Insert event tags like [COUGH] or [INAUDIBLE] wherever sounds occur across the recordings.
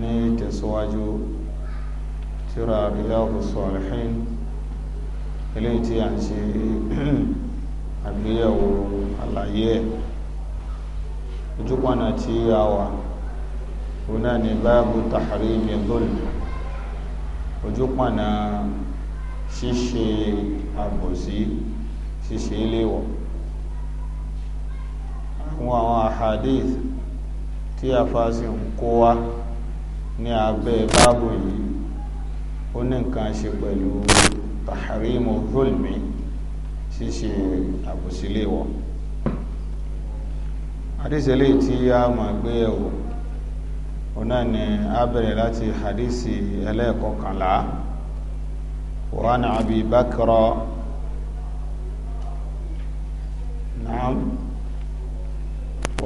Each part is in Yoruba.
ní tẹ̀síwájú tíra Riyadu Salihin eléyìí tí a ń ṣe [CLEARS THROAT] àgbéyẹ̀wò àlàyé ẹ̀ ojúpọ̀nà tí a wà òun náà ni báàbù tahrimi zulm ojúpọ̀nà ṣíṣe àbòsí ṣíṣe iléwọ̀ àwọn àwọn ahadith tí a fa sí ń kó wa ní abẹ́ báàbò yìí ó ní nǹkan ṣe pẹ̀lú taharimu zulmi ṣíṣe àbòsílẹ̀ wọ̀ àdíṣẹ́lẹ̀ tí a máa gbé ẹ̀wọ̀ ọ̀nà ni a bẹ̀rẹ̀ láti hadisi ẹlẹ́ẹ̀kọkànlá wọ́n àbí bákẹ́rọ náà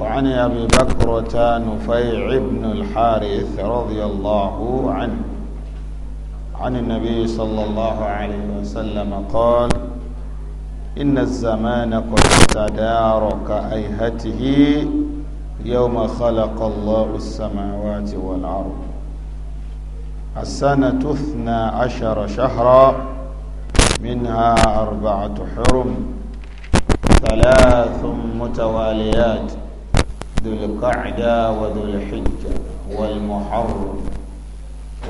وعن أبي بكرة نفيع بن الحارث رضي الله عنه عن النبي صلى الله عليه وسلم قال إن الزمان قد تدارك أيهته يوم خلق الله السماوات والأرض السنة اثنى عشر شهرا منها أربعة حرم ثلاث متواليات ذو القعدة وذو الحجة والمحرم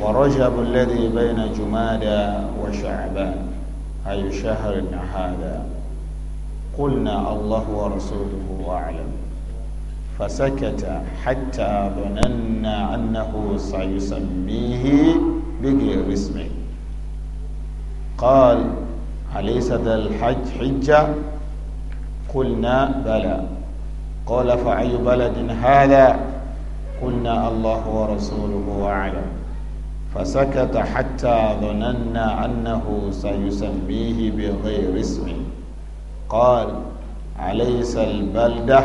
ورجب الذي بين جمادى وشعبان أي شهرنا هذا قلنا الله ورسوله أعلم فسكت حتى ظننا أنه سيسميه بغير اسمه قال أليس ذا الحج حجة قلنا بلى قال فأي بلد هذا قلنا الله ورسوله أعلم فسكت حتى ظننا أنه سيسميه بغير اسم قال أليس البلدة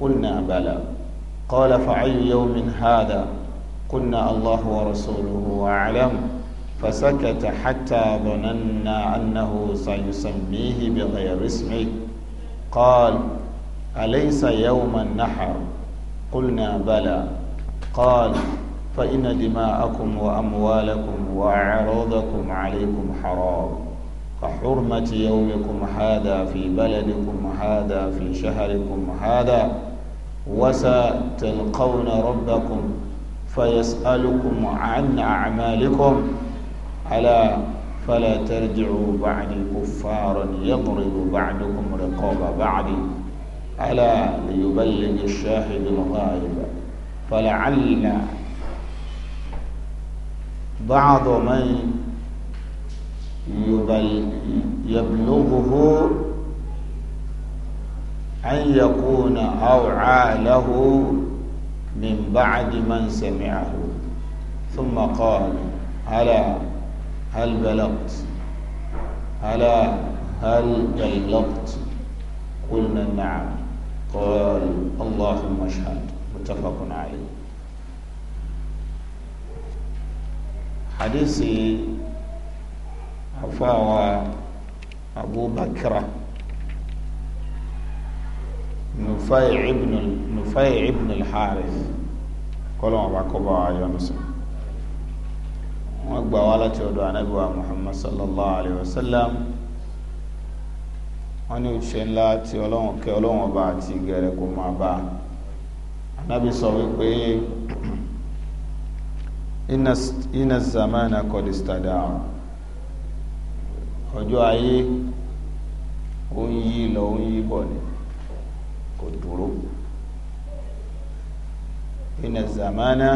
قلنا بلى قال فأي يوم هذا قلنا الله ورسوله أعلم فسكت حتى ظننا أنه سيسميه بغير اسمه قال أليس يوم النحر قلنا بلى قال فإن دماءكم وأموالكم وأعراضكم عليكم حرام كحرمة يومكم هذا في بلدكم هذا في شهركم هذا وستلقون ربكم فيسألكم عن أعمالكم ألا فلا ترجعوا بعدي كفارا يضرب بعدكم رقاب بعدي ألا ليبلغ الشاهد الغائب فلعل بعض من يبلغه أن يكون أوعى له من بعد من سمعه ثم قال ألا هل بلغت ألا هل بلغت قلنا نعم قال اللهم اشهد متفق عليه حديثي عفاوة أبو بكر نفيع ابن نفيع ابن الحارث قال ما بكبا يا مسلم ما ولا تودوا محمد صلى الله عليه وسلم wọ́n ní òṣìṣẹ́ ńlá tí ọlọ́run kẹ́ ọlọ́run ọba àti gẹ̀rẹ́ kò máa bá a anábì sọ wípé iná zamana kọ́dí stada ọjọ́ ayé ó ń yí lọ ó ń yí bọ̀ ni kò dúró iná zamana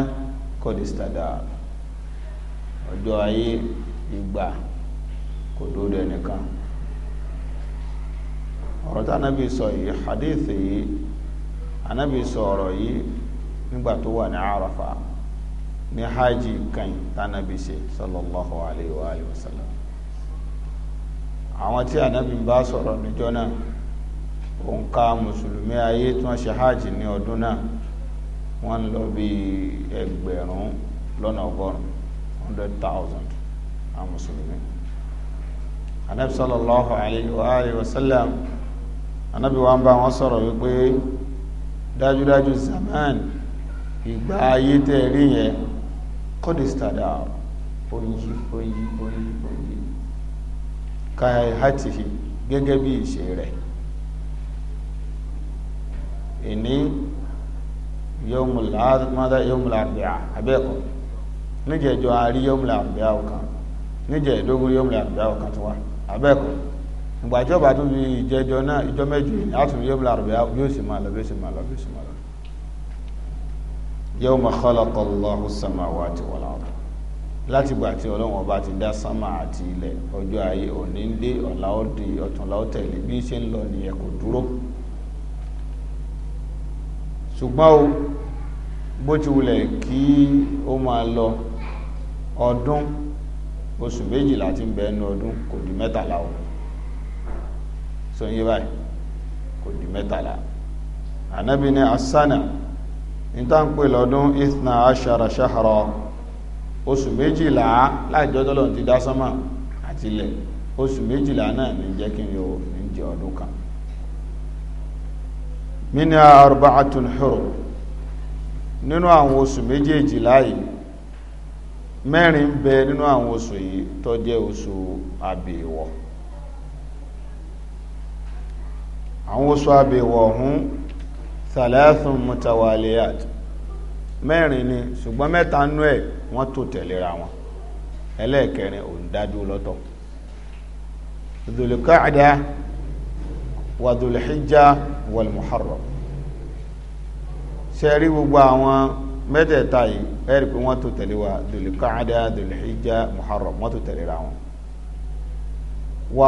kọ́dí stada ọjọ́ ayé ìgbà kò dúró ẹnìkan ọ̀rọ̀ tí anábì sọ yìí hadith yìí anábì sọ ọ̀rọ̀ yìí nígbà tó wà ní Arafa ní hajj kan tánàbì ṣe sallallahu alayhi wa alihi wa sallam àwọn tí anábì bá sọ̀rọ̀ níjọ́ náà òǹkà mùsùlùmí ayé tí wọ́n ṣe hajj ní ọdún náà wọ́n ń lọ bí ẹgbẹ̀rún lọ́nà ọgọ́rùn-ún hundred thousand àwọn mùsùlùmí anábì sallallahu alayhi wa alihi wa sallam anábì wa ń bá wọn sọ̀rọ̀ wípé dájúdájú zaman ìgbà ayé tẹ́ rí yẹn kọ́dìstàdà oyin oyin oyin oyin káyàtìhì gẹ́gẹ́ bí ìṣe rẹ̀ ìní yomul arbi'a abẹ́ẹ̀kọ́ níjẹ̀jọ́ àárí yomul arbi'a ọ̀kan níjẹ̀ ìdógún yomul arbi'a ọ̀kan tó wà abẹ́ẹ̀kọ́ ìgbà tí ọba tó fi ìjẹjọ náà ìjọ mẹ́jọ yìí láti fi yọmọ àrùbẹ yóò sì máa lọ yóò sì máa lọ yóò sì máa lọ. yawma khalaqa Allahu samawati wal ard láti gbà tí ọlọ́run ọba ti dá sánmà àti ilẹ̀ ọjọ́ ayé òní ń dé ọ̀la ó di ọ̀túnla ó bí ṣe ń lọ nìyẹn kò dúró ṣùgbọ́n o bó ti wulẹ̀ kí ó máa lọ ọdún oṣù méjìlá ti ń bẹ ẹnu ọdún kò di mẹ́tàlá o so ń yé báyìí kò di mẹ́tàlá ànábì ní asana ní tá ń pè lọ́dún ithna ashara shahra oṣù méjìlá láìjọ́ tọ́lọ́ ti dá sánmà àti ilẹ̀ oṣù méjìlá náà ní jẹ́ kí n yọ ní jẹ́ ọdún kan mini arba'atun hurum nínú àwọn oṣù méjèèjìlá yìí mẹ́rin bẹ nínú àwọn oṣù yìí tó jẹ́ oṣù àbẹ̀wọ̀ àwọn oṣù àbẹ̀wò ọ̀hún thalathun mutawaliyat mẹ́rin ni ṣùgbọ́n mẹ́ta nú ẹ̀ wọ́n tó tẹ̀léra wọn ẹlẹ́ẹ̀kẹrin ò ń dájú lọ́tọ̀ dhulqa'da wa dhulhijja wal muharram ṣe rí gbogbo àwọn mẹ́tẹ̀ẹ̀ta yìí ẹ̀rí pé wọ́n tó tẹ̀lé wa dhulqa'da dhulhijja muharram wọ́n tó tẹ̀léra wọn wa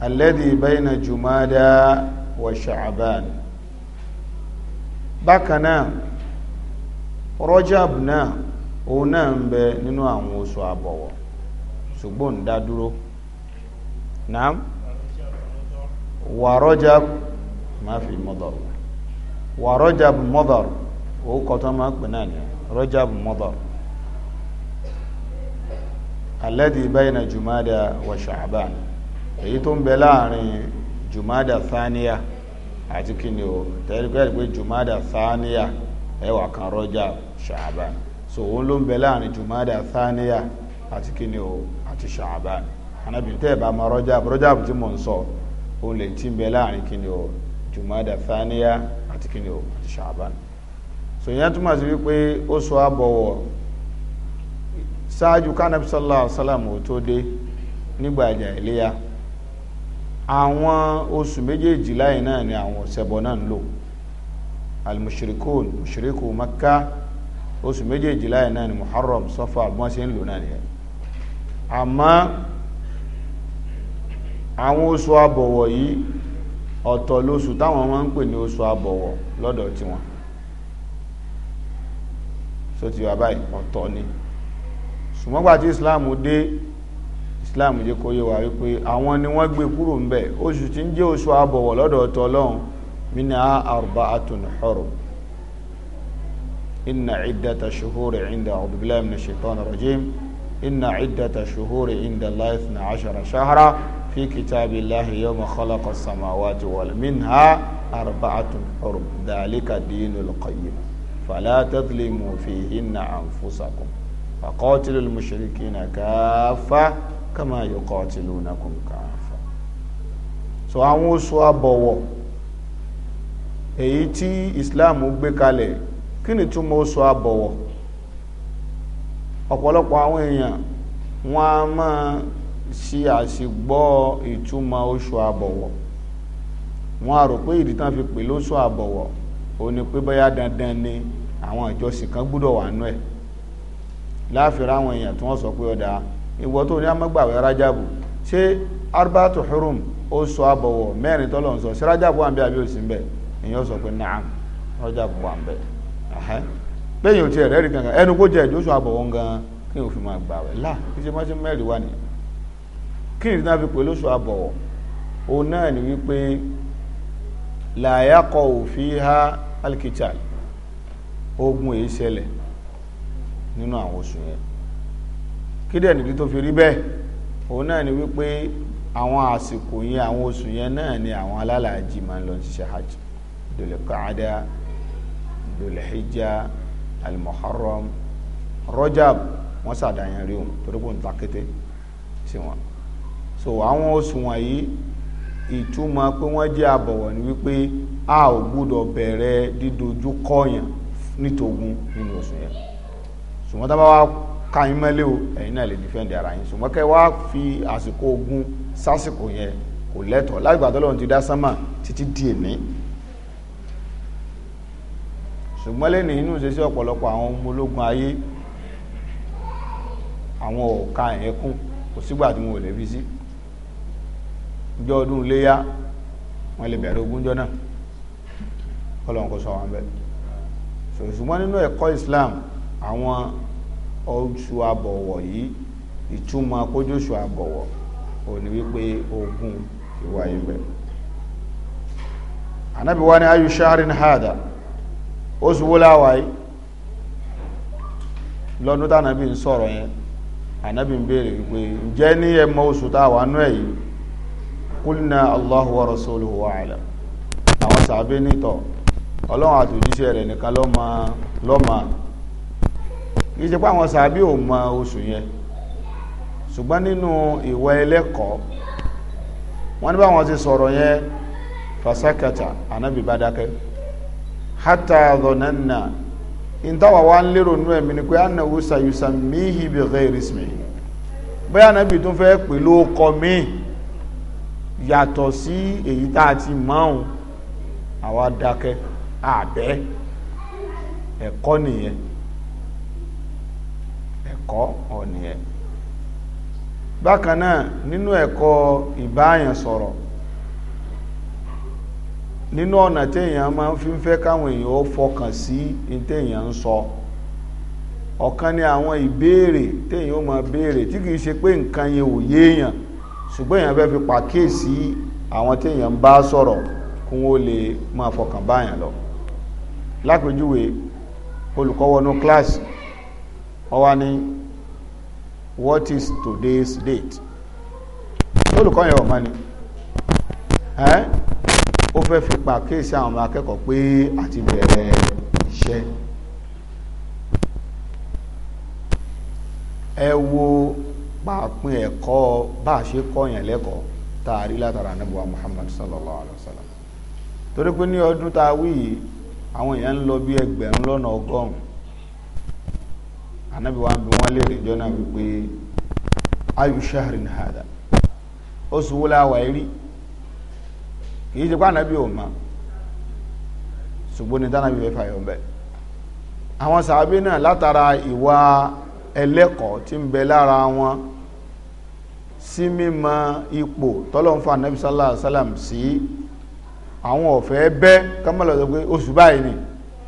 alladhi bayna jumada wa sha'ban bákan náà rọ́jàb náà òun náà ń bẹ nínú àwọn oṣù àbọ̀wọ̀ ṣùgbọ́n ń dá dúró naam wà rọ́jàb má fi mọ́dọ̀r wà rọ́jàb mọ́dọ̀r òun kọ́tọ́ máa pè náà ní rọ́jàb mọ́dọ̀r alladhi bayna jumada wa sha'ban èyí tó ń bẹ láàrin jùmádà sáníyà àti kíni o tẹ́lifíẹ́lì pé jùmádà sáníyà ẹwà kan rọ́jà ṣàbán so òun ló ń bẹ láàrin jùmádà sáníyà àti kíni o àti ṣàbán anábì tẹ́ ẹ̀ bá ma rọ́jà rọ́jà tí mò ń sọ òun lè ti ń bẹ láàrin kíni o jùmádà sáníyà àti kíni o àti ṣàbán so ìyẹn túmọ̀ sí wípé ó sọ àbọ̀wọ̀ ṣáájú kánàbísọ́lá ọ̀sálàmù tó dé nígbà ìjà ìléyà àwọn oṣù méjèèjì láyìn náà ni àwọn ọ̀sẹ̀bọ náà ń lò al-mushrikun mushriku Makka oṣù méjèèjì láyìn náà ni Muharram Safar bí wọ́n ṣe ń lò náà nìyẹn àmọ́ àwọn oṣù àbọ̀wọ̀ yìí ọ̀tọ̀ lóṣù táwọn máa ń pè ní oṣù àbọ̀wọ̀ lọ́dọ̀ tiwọn so ti wà báyìí ọ̀tọ̀ ni ṣùgbọ́n gbà tí Islam dé islam jẹ́ kó yé wa wípé àwọn ni wọ́n gbé kúrò ń bẹ̀ oṣù tí ń jẹ́ oṣù àbọ̀wọ̀ lọ́dọ̀ ọ̀tọ̀ ọlọ́run mina arba'atun hurum inna iddata shuhuri inda a'udhu billahi minash shaitani rajim inna iddata shuhuri inda allahi ithna ashara shahra fi kitabillahi yawma khalaqa as-samawati wal minha arba'atun hurum dhalika dinul qayyim fala tadhlimu fihinna anfusakum faqatilul mushrikina kaffah kama yuqatilunakum kaafa so àwọn oṣù abọ̀wọ̀ èyí tí Islam gbé kalẹ̀ kí ni túmọ̀ oṣù abọ̀wọ̀ ọ̀pọ̀lọpọ̀ àwọn èèyàn wọ́n a máa ṣe àṣìgbọ́ ìtumọ̀ oṣù abọ̀wọ̀ wọ́n a rò pé ìdí tán fi pè lóṣù abọ̀wọ̀ ó ní pé bóyá dandan ni àwọn ìjọsìn kan gbúdọ̀ wà nú ẹ̀ láàfin ráwọn èèyàn tí wọ́n sọ pé ọ̀dà ìwọ tó ní amágbàwẹ̀ rájàbù ṣé arbatu hurum ó sọ àbọ̀wọ̀ mẹ́rin tọ́lọ̀ ń sọ ṣé rájàbù wà ń bẹ àbí òsì ń bẹ sọ pé naam rájàbù wà ń bẹ lẹ́yìn òtí ẹ̀rẹ́ rí kankan ẹnu kó jẹ́ gan kí n ò fi máa gbàwẹ̀ là kí ṣe má ṣe mẹ́rin wà ní ni wípé ogun èyí ṣẹlẹ̀ nínú kí dẹ̀ nìdí tó fi rí bẹ́ẹ̀ òun náà ni wípé àwọn àsìkò yẹn àwọn oṣù yẹn náà ni àwọn alálàájì máa ń lọ ṣiṣẹ́ hajj dòlè káàdá dòlè hijja almuharram rojab wọ́n sàdáyàn rí òun torí kò ń ta kété sí wọn so àwọn oṣù wọ̀nyí ìtumọ̀ pé wọ́n jẹ́ àbọ̀wọ̀ ni wípé a ò gbúdọ̀ bẹ̀rẹ̀ dídojú kọ̀yàn nítògùn nínú oṣù yẹn ṣùgbọ́n tá bá wá káyín mẹ́lẹ́ o ẹ̀yin náà lè dìfẹ́ǹdì ara yín ṣùgbọ́n kẹ́ wá fi àsìkò ogun sásìkò yẹn kò lẹ́tọ̀ọ́ láti gbàtọ́ lọ́run ti dá sánmà títí di èní ṣùgbọ́n lẹ́nu inú ṣe sí ọ̀pọ̀lọpọ̀ àwọn ọmọ ológun ayé àwọn ọ̀ka yẹn kún kò sígbà tí wọn ò lè fi sí ìjọ ọdún iléyá wọn lè bẹ̀rẹ̀ ogúnjọ́ náà kọ́lọ́n kò sọ wọn bẹ́ẹ̀ ṣùgbọ́n nínú ẹ̀kọ́ Islam àwọn oṣù àbọ̀wọ̀ yìí ìtumọ̀ kójóṣù àbọ̀wọ̀ òní wípé ogun ìwà ibẹ̀ anábi wá ní ayu sharin hada oṣù wó láwàáyí lọ́dún tánàbí ń sọ̀rọ̀ yẹn ma ń béèrè wípé ǹjẹ́ ní allahu wa rasuluhu wa na àwọn sàbẹ́ nítọ̀ ọlọ́run àtòjíṣẹ́ rẹ̀ nìkan lọ́mọ lọ́mọ kì í ṣe pé àwọn sàábí ò mọ oṣù yẹn ṣùgbọ́n nínú ìwà ẹlẹ́kọ̀ọ́ wọ́n ní báwọn ti sọ̀rọ̀ yẹn fasakata anabi bá dákẹ́ hata dhananna ìtawà wa ń lérò nínú ẹ̀mí ni pé annahu sayusammihi bi ghairi ismihi bóyá anabi tún fẹ́ pè lóko míì yàtọ̀ sí èyí tá a ti mọ́hun àwa dákẹ́ àbẹ́ ẹ̀kọ́ nìyẹn ẹ̀kọ́ ọ̀nì ẹ̀ bákan náà nínú ẹ̀kọ́ ìbáyàn sọ̀rọ̀ nínú ọ̀nà téèyàn máa ń fi ń fẹ́ káwọn èèyàn ó fọkàn sí téèyàn ń sọ ọ̀kan ni àwọn ìbéèrè téèyàn ó máa béèrè tí kìí ṣe pé nǹkan yẹn ò yéèyàn ṣùgbọ́n èèyàn fẹ́ fi pàkíyèsí àwọn téèyàn ń bá sọ̀rọ̀ kí wọ́n lè máa fọkàn báyàn lọ lápèjúwe olùkọ́ wọnú kíláàsì ó n'i. ní what is today's date olùkọ́ yẹn ọ̀mọ́ ni ó fẹ́ fi pa kéèsì àwọn ọmọ akẹ́kọ̀ọ́ pé àti bẹ̀rẹ̀ iṣẹ́ ẹ wo pàápín ẹ̀kọ́ bá a ṣe kọ́ yẹn lẹ́kọ̀ọ́ tá a rí látara níbuwa Muhammad sallallahu alaihi wa sallam torí pé ní ọdún tá a wí yìí àwọn èèyàn ń lọ bí ẹgbẹ̀rún lọ́nà ọgọ́rùn-ún anabi wa bi wọn léèrè ìjọ náà wípé ayu shahrin hada oṣù wo la wà rí kì í ṣe pé anabi ò mọ ṣùgbọ́n ní tánàbí fẹ́ fàyọ̀ ń bẹ̀ àwọn sàábé náà látara ìwà ẹlẹ́kọ̀ọ́ tí ń bẹ lára wọn sí mímọ̀ ipò tọ́lọ́nfà anabi sallallahu alayhi sí àwọn ọ̀fẹ́ bẹ́ kọ́mọ̀lọ́dọ̀ pé oṣù báyìí ni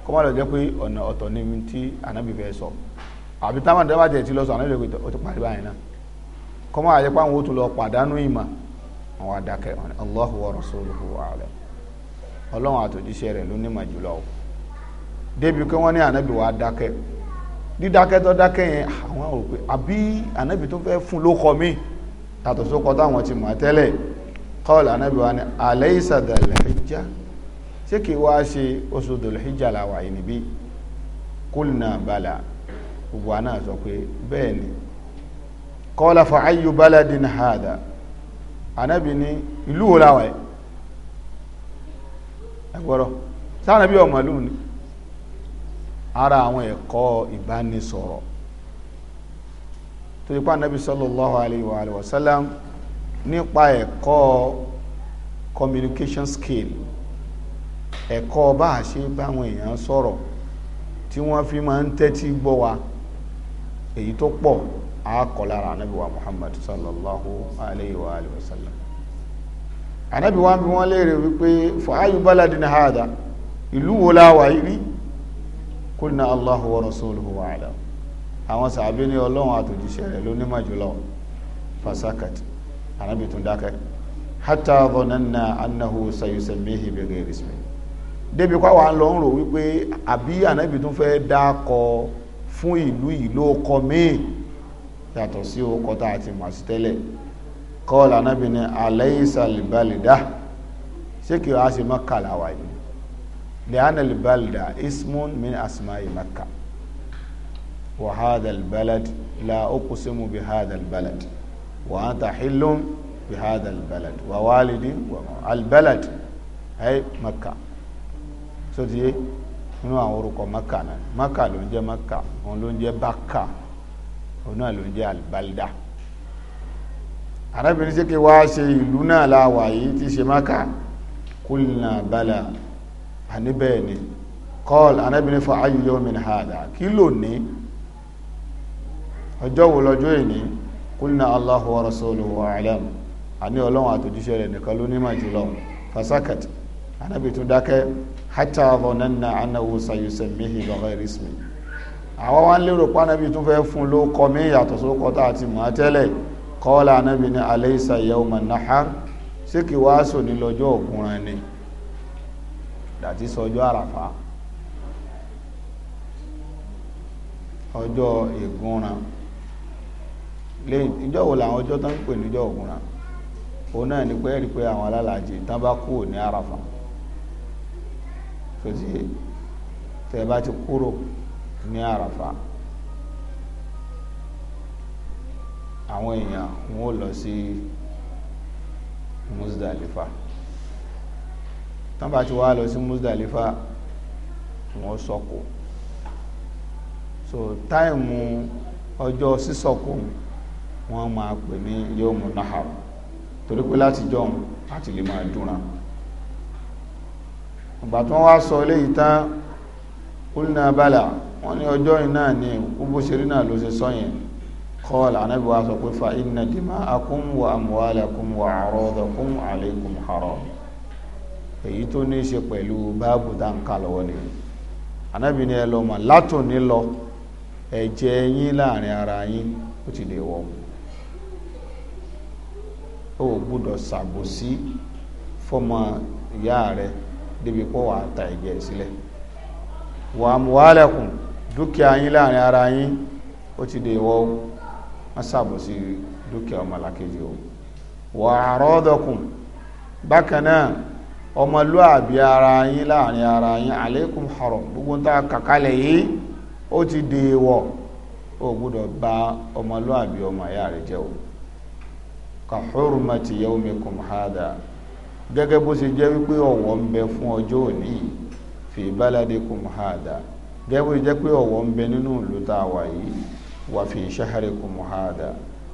kọ́mọ̀lọ́dọ̀ pé ọ̀nà ọ̀tọ̀ ni mi tí anabi fẹ́ sọ. So àbí táwọn àdúrà tẹ̀ ti lọ sọ àwọn ìlú ìpìtọ́ ó ti parí báyìí náà kọ́mọ́ àyẹ̀pá àwọn ó tún lọ pàdánù ìmọ̀ àwọn adákẹ́ wọn ni Allahu wa rasuluhu a'lam ọlọ́run àtòjíṣẹ́ rẹ̀ ló nímọ̀ jùlọ o débi pé wọ́n ní ànábì wa dákẹ́ dídákẹ́ tó dákẹ́ yẹn àwọn ò pé àbí ànábì tó fẹ́ fún ló kọ mí tàtọ̀ sókọ táwọn ti mọ̀ tẹ́lẹ̀ kọ́ọ̀lù ànábì gbogbo wa náà sọ pé bẹ́ẹ̀ ni kọ́lá fa ayyu baladin hada anabi ní ìlú wo láwàá ẹ gbọ́dọ̀ sáànàbí ọmọ ìlú ni ara àwọn ẹ̀kọ́ ìbánisọ̀rọ̀ tó ipá anabi sallallahu alayhi wa alayhi wa sallam nípa ẹ̀kọ́ communication skill ẹ̀kọ́ bá a ṣe báwọn èèyàn sọ̀rọ̀ tí wọ́n fi máa ń tẹ́tí gbọ́ wa èyí tó pọ̀ àákọ́ lára anábì wa muhammad sallallahu alayhi wa alayhi wa sallam anábì wa bí wọ́n léèrè wípé fa ayu baladin hada ìlú wo la wà rí kulna allahu wa rasuluhu wa alam àwọn sàbí ní ọlọ́run àtòjíṣẹ́ rẹ̀ ló nímọ̀ jùlọ fasakat anábì tún dákẹ́ hatta dhananna annahu sayusammihi bi ghairi ismi débi pàwọn lọ ń rò wípé àbí anábì tún fẹ́ dákọ̀ọ́ fún ìlú ìlú ọkọ̀ míì yàtọ̀ sí ọkọ̀ tá a ti mọ̀ sí tẹ́lẹ̀ kọ́ọ̀lá náàbì ní alaysa libalida ṣé kí a ṣe mọ́kà láwà yìí li'anna libalida ismun min asma'i makka wa hadha albalad la uqsimu bi hadha albalad wa anta hillum bi hadha albalad wa walidi wa albalad ay makka so ti nínú àwọn orúkọ maka náà maka ló ń jẹ́ maka òun ló ń jẹ́ baka òun náà ló ń jẹ́ alibalida arábìnrin ṣe kí wá ṣe ìlú náà láwà yìí ti ṣe maka kulna bala àníbẹ̀ ni kọ́ọ̀lù arábìnrin fa ayu yawmin hada kí ló ní ọjọ́ wo lọ́jọ́ ìní kulna allahu wa rasuluhu alam àní ọlọ́run àtòjíṣẹ́ rẹ̀ nìkan ló nímọ̀ jùlọ fasakat anábì tún dákẹ́ hata dhananna annahu sayusammihi bi ghayri ismi àwọn wá ń lérò pé anábì tún fẹ́ fún ló kọ mí yàtọ̀ sókọ tá àti mọ̀ tẹ́lẹ̀ kọ́ọ̀lá anábì ní alaysa yawma nahar sí kì wá sò ní lọ́jọ́ òkúnran ni dàtí sọjọ́ àràfà ọjọ́ ìgúnran lẹ́yìn ìjọ́ wo làwọn ọjọ́ tán ń pè níjọ́ òkúnran òun náà ni pé ẹ̀rí pé àwọn alálàájì tán bá kúrò ní àràfà tó ti tẹ́ bá ti kúrò ní àràfà àwọn èèyàn wọn ò lọ sí musdalifa tán bá ti wá lọ sí musdalifa wọn sọkò so táìmù ọjọ́ sísọkò wọn máa pè ní yóò mú náà torí pé láti jọun láti lè máa dúnra ìgbà tó wá sọ eléyìí tán kúlínà bàlà wọ́n ní ọjọ́ iná ni kúbó ṣeré náà ló ṣe sọ yẹn kọ́ọ̀lù wa sọ pé fa inna dima'akum wa wa aradakum alaykum èyí tó ní ṣe pẹ̀lú báàbù dáńkà lọ́wọ́ ni anábì ìyá Dibịkwa waa ta'e, gaasị le! Wa amụbaala kum dukye anyị la anyara anyị, o ti dee woo, na saa si dukye o ma laakye o. wa harooda kum, bakena ọ ma lụọ abịa anyị la anyara anyị, aleekum haro, bụkwa taa kakala O ti dee woo, o bu ba baa, ọ ma lụọ abịo ma yaadị jawu. Ka hur ma tiyewo mee kum gẹ́gẹ́ bó ṣe jẹ́ wípé ọ̀wọ̀ ń bẹ fún ọjọ́ òní fi baladikum hada gẹ́gẹ́ bó ṣe jẹ́ pé ń nínú ìlú tá wà yìí wà fi shahrikum hada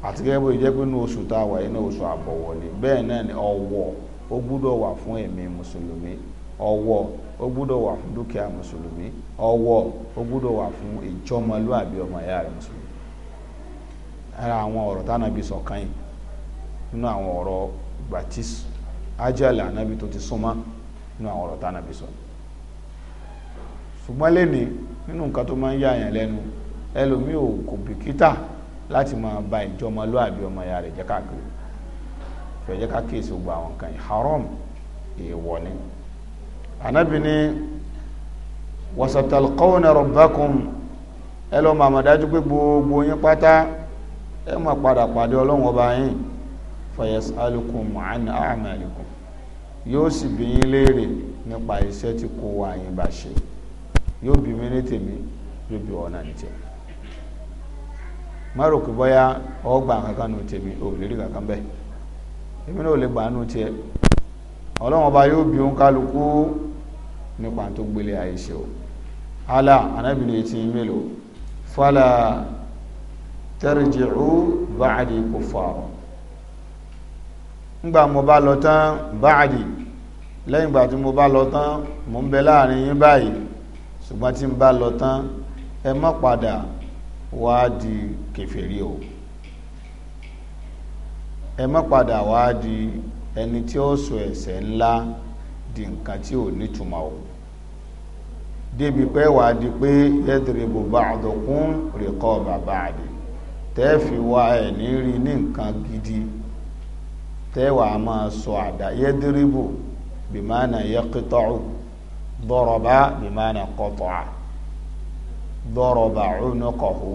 àti gẹ́gẹ́ bó ṣe jẹ́ pé oṣù tá a wà yìí ní oṣù àbọ̀wọ̀ ni bẹ́ẹ̀ náà ni ó gbúdọ̀ wà fún ẹ̀mí mùsùlùmí ó gbúdọ̀ wà ajala anabi tó ti súnmọ́ nínú àwọn ọ̀rọ̀ tá anabi sọ ṣùgbọ́n lẹ́ni nínú nǹkan tó máa ń yà yàn lẹ́nu ẹlòmíì ò kò bìkítà láti máa ba ìjọmọlúàbí ọmọ ya rẹ̀ jẹ́ káàkiri fẹ́ jẹ́ ká kíyèsí gbogbo àwọn nǹkan yìí haram èèwọ̀ ni anabi ni wasatalqawna rabbakum ẹ lọ màmá dájú pé gbogbo yín pátá ẹ máa padà pàdé ọlọ́run ọba yín fayas'alukum an a'malikum yóò sì bí yín léèrè nípa iṣẹ́ tí kò wá yín bá ṣe yóò bí mi ní tèmi yóò bí ọ̀nà ní tèmi má rò pé bóyá ọgbà kankan nù tèmi ò lè rí kankan bẹ́ẹ̀ èmi náà ò lè gbà nù tiẹ̀ ọlọ́run ọba yóò bí òun kálukú nípa tó gbélé ayé ṣe o ala anábìnrin etí mélòó fala tarji'u ba'di kuffar ńgbà mo bá lọ tán báàdì lẹ́yìn ìgbà tí mo bá lọ tán mo ń bẹ láàrin yín báyìí ṣùgbọ́n tí ń bá lọ tán ẹ má padà wá di kèfèrí o ẹ má padà wá di ẹni tí ó sọ ẹ̀ṣẹ̀ ńlá di nǹkan tí ò nítumọ̀ o débi pé wà di pé yadribu ba'dukum riqaba ba'di tẹ́ẹ̀fì wá ẹ̀ ní rí ní nǹkan gidi tẹ́wàá máa sọ àdá yẹ́dírìbù bìmánà yẹ́kítọ́ù dọ́rọ̀bá bìmánà dọrọba dọ́rọ̀bà ònàkọ̀hó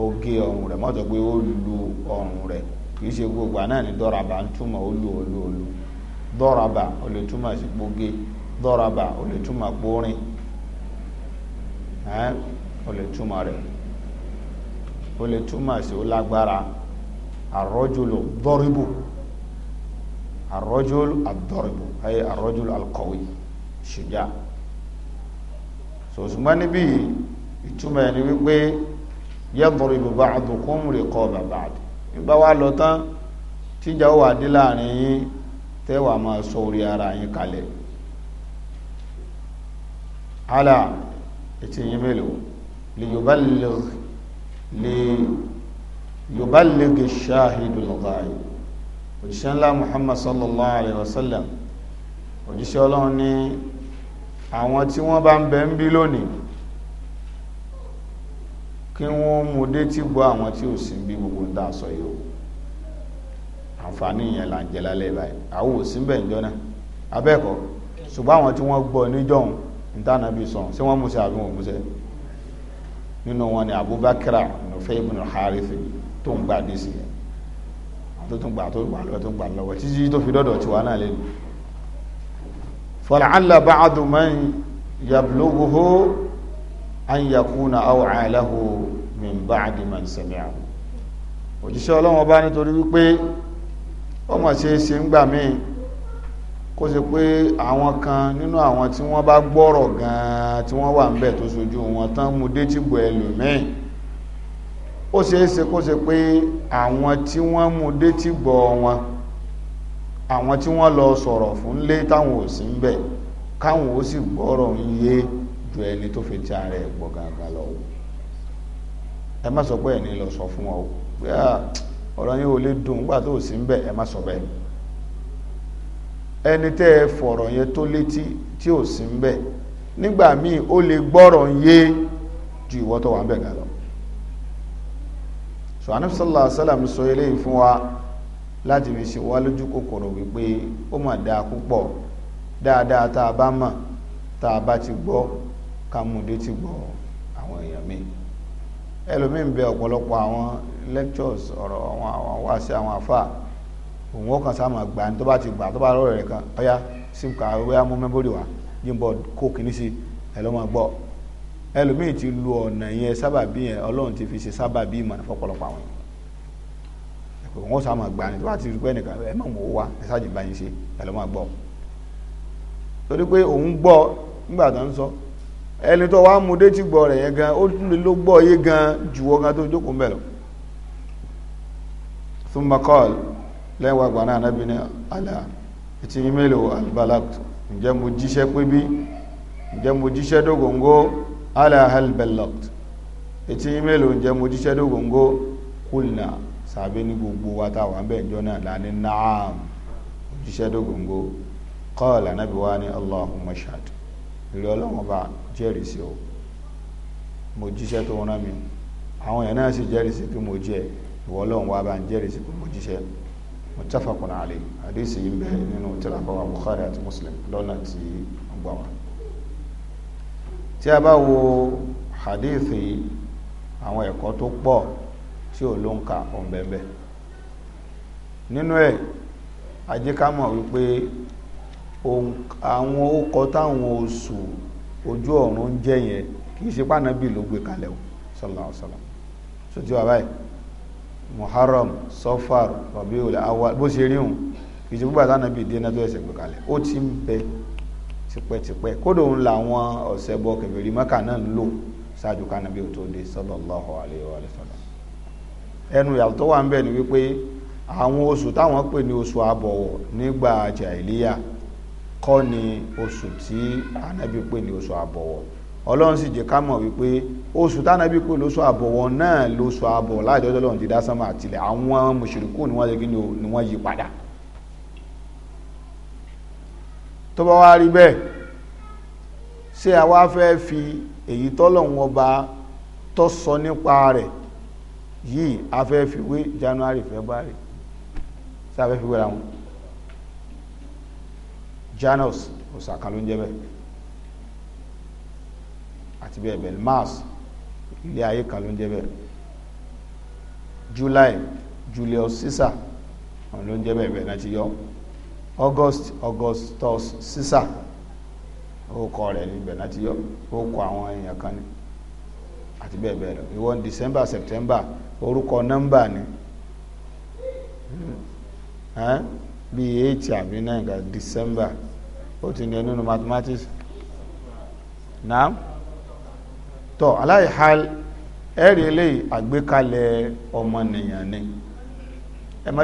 ó gé ọrùn pé ó lu ọrùn rẹ̀ kì í ṣe gbogbo àná ní dọ́rọ̀bà ń túmọ̀ ó lu olú olú dọ́rọ̀bà ó lè túmọ̀ sí ó lè túmọ̀ ó lè túmọ̀ rẹ̀ ó lè túmọ̀ sí ó lágbára arrojul adọ́rìbù ayé arrojul alkọ̀wé ṣùjá sòṣùgbọ́n níbí ìtumọ̀ ẹni wípé yadribu ba'dukum riqaba ba'd ìgbà wa lọ tán tíjà ó wà dé láàrin yín tẹ́wàá máa sọ orí ara yín kalẹ̀ ala ètí yín mélòó li yuballigh li yuballigh ash-shahidul ghaib òjíṣẹ́ ńlá Muhammad sallallahu alayhi wa sallam òjíṣẹ́ ọlọ́run ní àwọn tí wọ́n bá ń bẹ ń bí lónìí kí wọ́n mú dé tí gbọ́ àwọn tí ò sí bí gbogbo ń dá sọ yìí o àǹfààní yẹn là ń jẹ lálẹ́ báyìí àwọn ò sí bẹ̀ ń náà abẹ́ẹ̀kọ́ ṣùgbọ́n àwọn tí wọ́n gbọ́ níjọ́hun nítànà bí sọ ṣé wọ́n múṣẹ́ àbí wọ́n múṣẹ́ nínú wọn ni Abubakar nufẹ́ ibn Harithi tó ń gbà dé sí yẹn tó tún gbà tó gbà lọ́wọ́ tó gbà lọ́wọ́ títí tó fi dọ́dọ̀ tiwa náà lẹ́nu fala'alla ba'du man yablughuhu an yakuna aw'a lahu min ba'di man sami'ahu òjíṣẹ́ ọlọ́wọ́n bá nítorí wípé ọmọ ṣe ṣe ń gbà míì kó ṣe pé àwọn kan nínú àwọn tí wọ́n bá gbọ́rọ̀ gan-an tí wọ́n wà ń bẹ̀ tó sojú wọn tán mú dé tìbò ẹlòmíì ó ṣeéṣe kó ṣe pé àwọn tí wọ́n mú détí gbọ́ wọn àwọn tí wọ́n lọ sọ̀rọ̀ fún lé táwọn ò sí ń bẹ̀ káwọn ó sì gbọ́rọ̀ ń yé ju ẹni tó fi ti ààrẹ gbọ́ gangan lọ wò ẹ má sọ pé ẹni lọ sọ fún ọ pé ọ̀rọ̀ yín ò lè dùn nígbà tó ò sí ń bẹ̀ ẹ má sọ bẹ́ẹ̀ ẹni tẹ́ ẹ fọ̀rọ̀ yẹn tó létí tí ò sí ń bẹ̀ nígbà míì ó lè gbọ́rọ̀ ń yé ju ìwọ wà ń bẹ̀ gan lọ so anabisalla salam sọ eléyìí fún wa láti fi ṣe wá lójú kòkòrò wípé ó mà dáa púpọ̀ dáadáa tá a bá mọ̀ tá a bá ti gbọ́ ká mú ti gbọ́ àwọn èèyàn mi ẹlòmíín bẹ ọ̀pọ̀lọpọ̀ àwọn lectures ọ̀rọ̀ àwọn àwọn wá sí àwọn àfà òun ó kàn sáà máa gbà ní tó bá ti gbà tó bá rọrẹ̀ rẹ̀ kan ọ̀yá sim card wíwá mú mẹ́bórì wá jíǹbọ̀ kó kìíní sí ẹ̀ lọ́ gbọ́ ẹlòmíì ti lu ọ̀nà yẹn sábàbí yẹn ọlọ́run ti fi ṣe sábàbí ìmọ̀nà fọ́pọ̀lọpọ̀ àwọn yẹn wọ́n sá máa tó bá ti ẹ mọ̀ wá ẹ bá yín ṣe ẹ lọ́ máa gbọ́ torí pé òun gbọ́ nígbà tó ń sọ ẹni tó wá mú détí gbọ́ rẹ̀ yẹn gan ó tún ló gbọ́ yé gan ju wọ́n gan tó ń jókòó alahal balagt etí mélòó ń jẹ́ mo jíṣẹ́ lógóngó kulna sàbẹ́ ní gbogbo wa táwa ń bẹ̀ ń jọ náà láni naam mo jíṣẹ́ lógóngó qala nábì wá ní allahumma shahad ìrẹ́ ọlọ́wọ́n bá jẹ́rìí sí o mo jíṣẹ́ tó rán mi àwọn èèyàn náà lọ́nà tí wọ́n tí a bá wo hadithi àwọn ẹ̀kọ́ tó pọ̀ tí ò ló ń ka ọ̀nbẹ̀ẹ̀bẹ̀ nínú ẹ̀ ajíkámọ̀ wípé àwọn ókọ táwọn oṣù ojú ọ̀run jẹ́ yẹn kìí ṣe pànábì ló gbé kalẹ̀ o sallallahu alaihi wasallam so tí wà báyìí muharram sofar rabiul awwal bó ṣe rí hùn kìí ṣe púpà tánàbì dé náà tó ẹsẹ̀ gbé kalẹ̀ ó ti ń bẹ tipẹ́tipẹ́ kódò ń làwọn ọ̀sẹ̀ bọ kẹfìrí mẹ́kà náà ń lò ṣáájú kánábí ò tó dé sallallahu alaihi wa sallam ẹnu yàtọ̀ tó wà ń bẹ̀ ni wípé àwọn oṣù táwọn pè ní oṣù àbọ̀wọ̀ nígbà jàìlíyà kọ́ ni oṣù tí ànábì pè ní oṣù àbọ̀wọ̀ ọlọ́run sì jẹ́ ká mọ̀ wípé oṣù tánábì pè lóṣù àbọ̀wọ̀ náà lóṣù àbọ̀ láìjọ́jọ́ lọ́run ti dá sánmà àtìlẹ̀ àwọn mùṣírikù ni wọ́n yí padà tó bá wá rí bẹ́ẹ̀ ṣé àwa fẹ́ fi èyí tọ́lọ̀hún ọba tó sọ nípa rẹ̀ yìí a fẹ́ fi wé January February ṣé a fẹ́ fi wéra wọn Janus òsàkà ló ń jẹ́ bẹ́ẹ̀ àti bẹ́ẹ̀ bẹ́ẹ̀ Mars ilé ayé kan ló ń jẹ́ bẹ́ẹ̀ July Julius Caesar àwọn ló ń jẹ́ bẹ́ẹ̀ bẹ́ẹ̀ náà ti yọ august augustus caesar orúkọ rẹ̀ níbẹ̀ láti yọ orúkọ àwọn èèyàn kan ní àti bẹ́ẹ̀ bẹ́ẹ̀ lọ ìwọ december september orúkọ nọ́mbà ni hmm. bíi eight àbí nine ka december ó ti ní nínú mathematics naam tọ aláìhal ẹ̀rí eléyìí àgbékalẹ̀ ọmọnìyàn ni ẹ má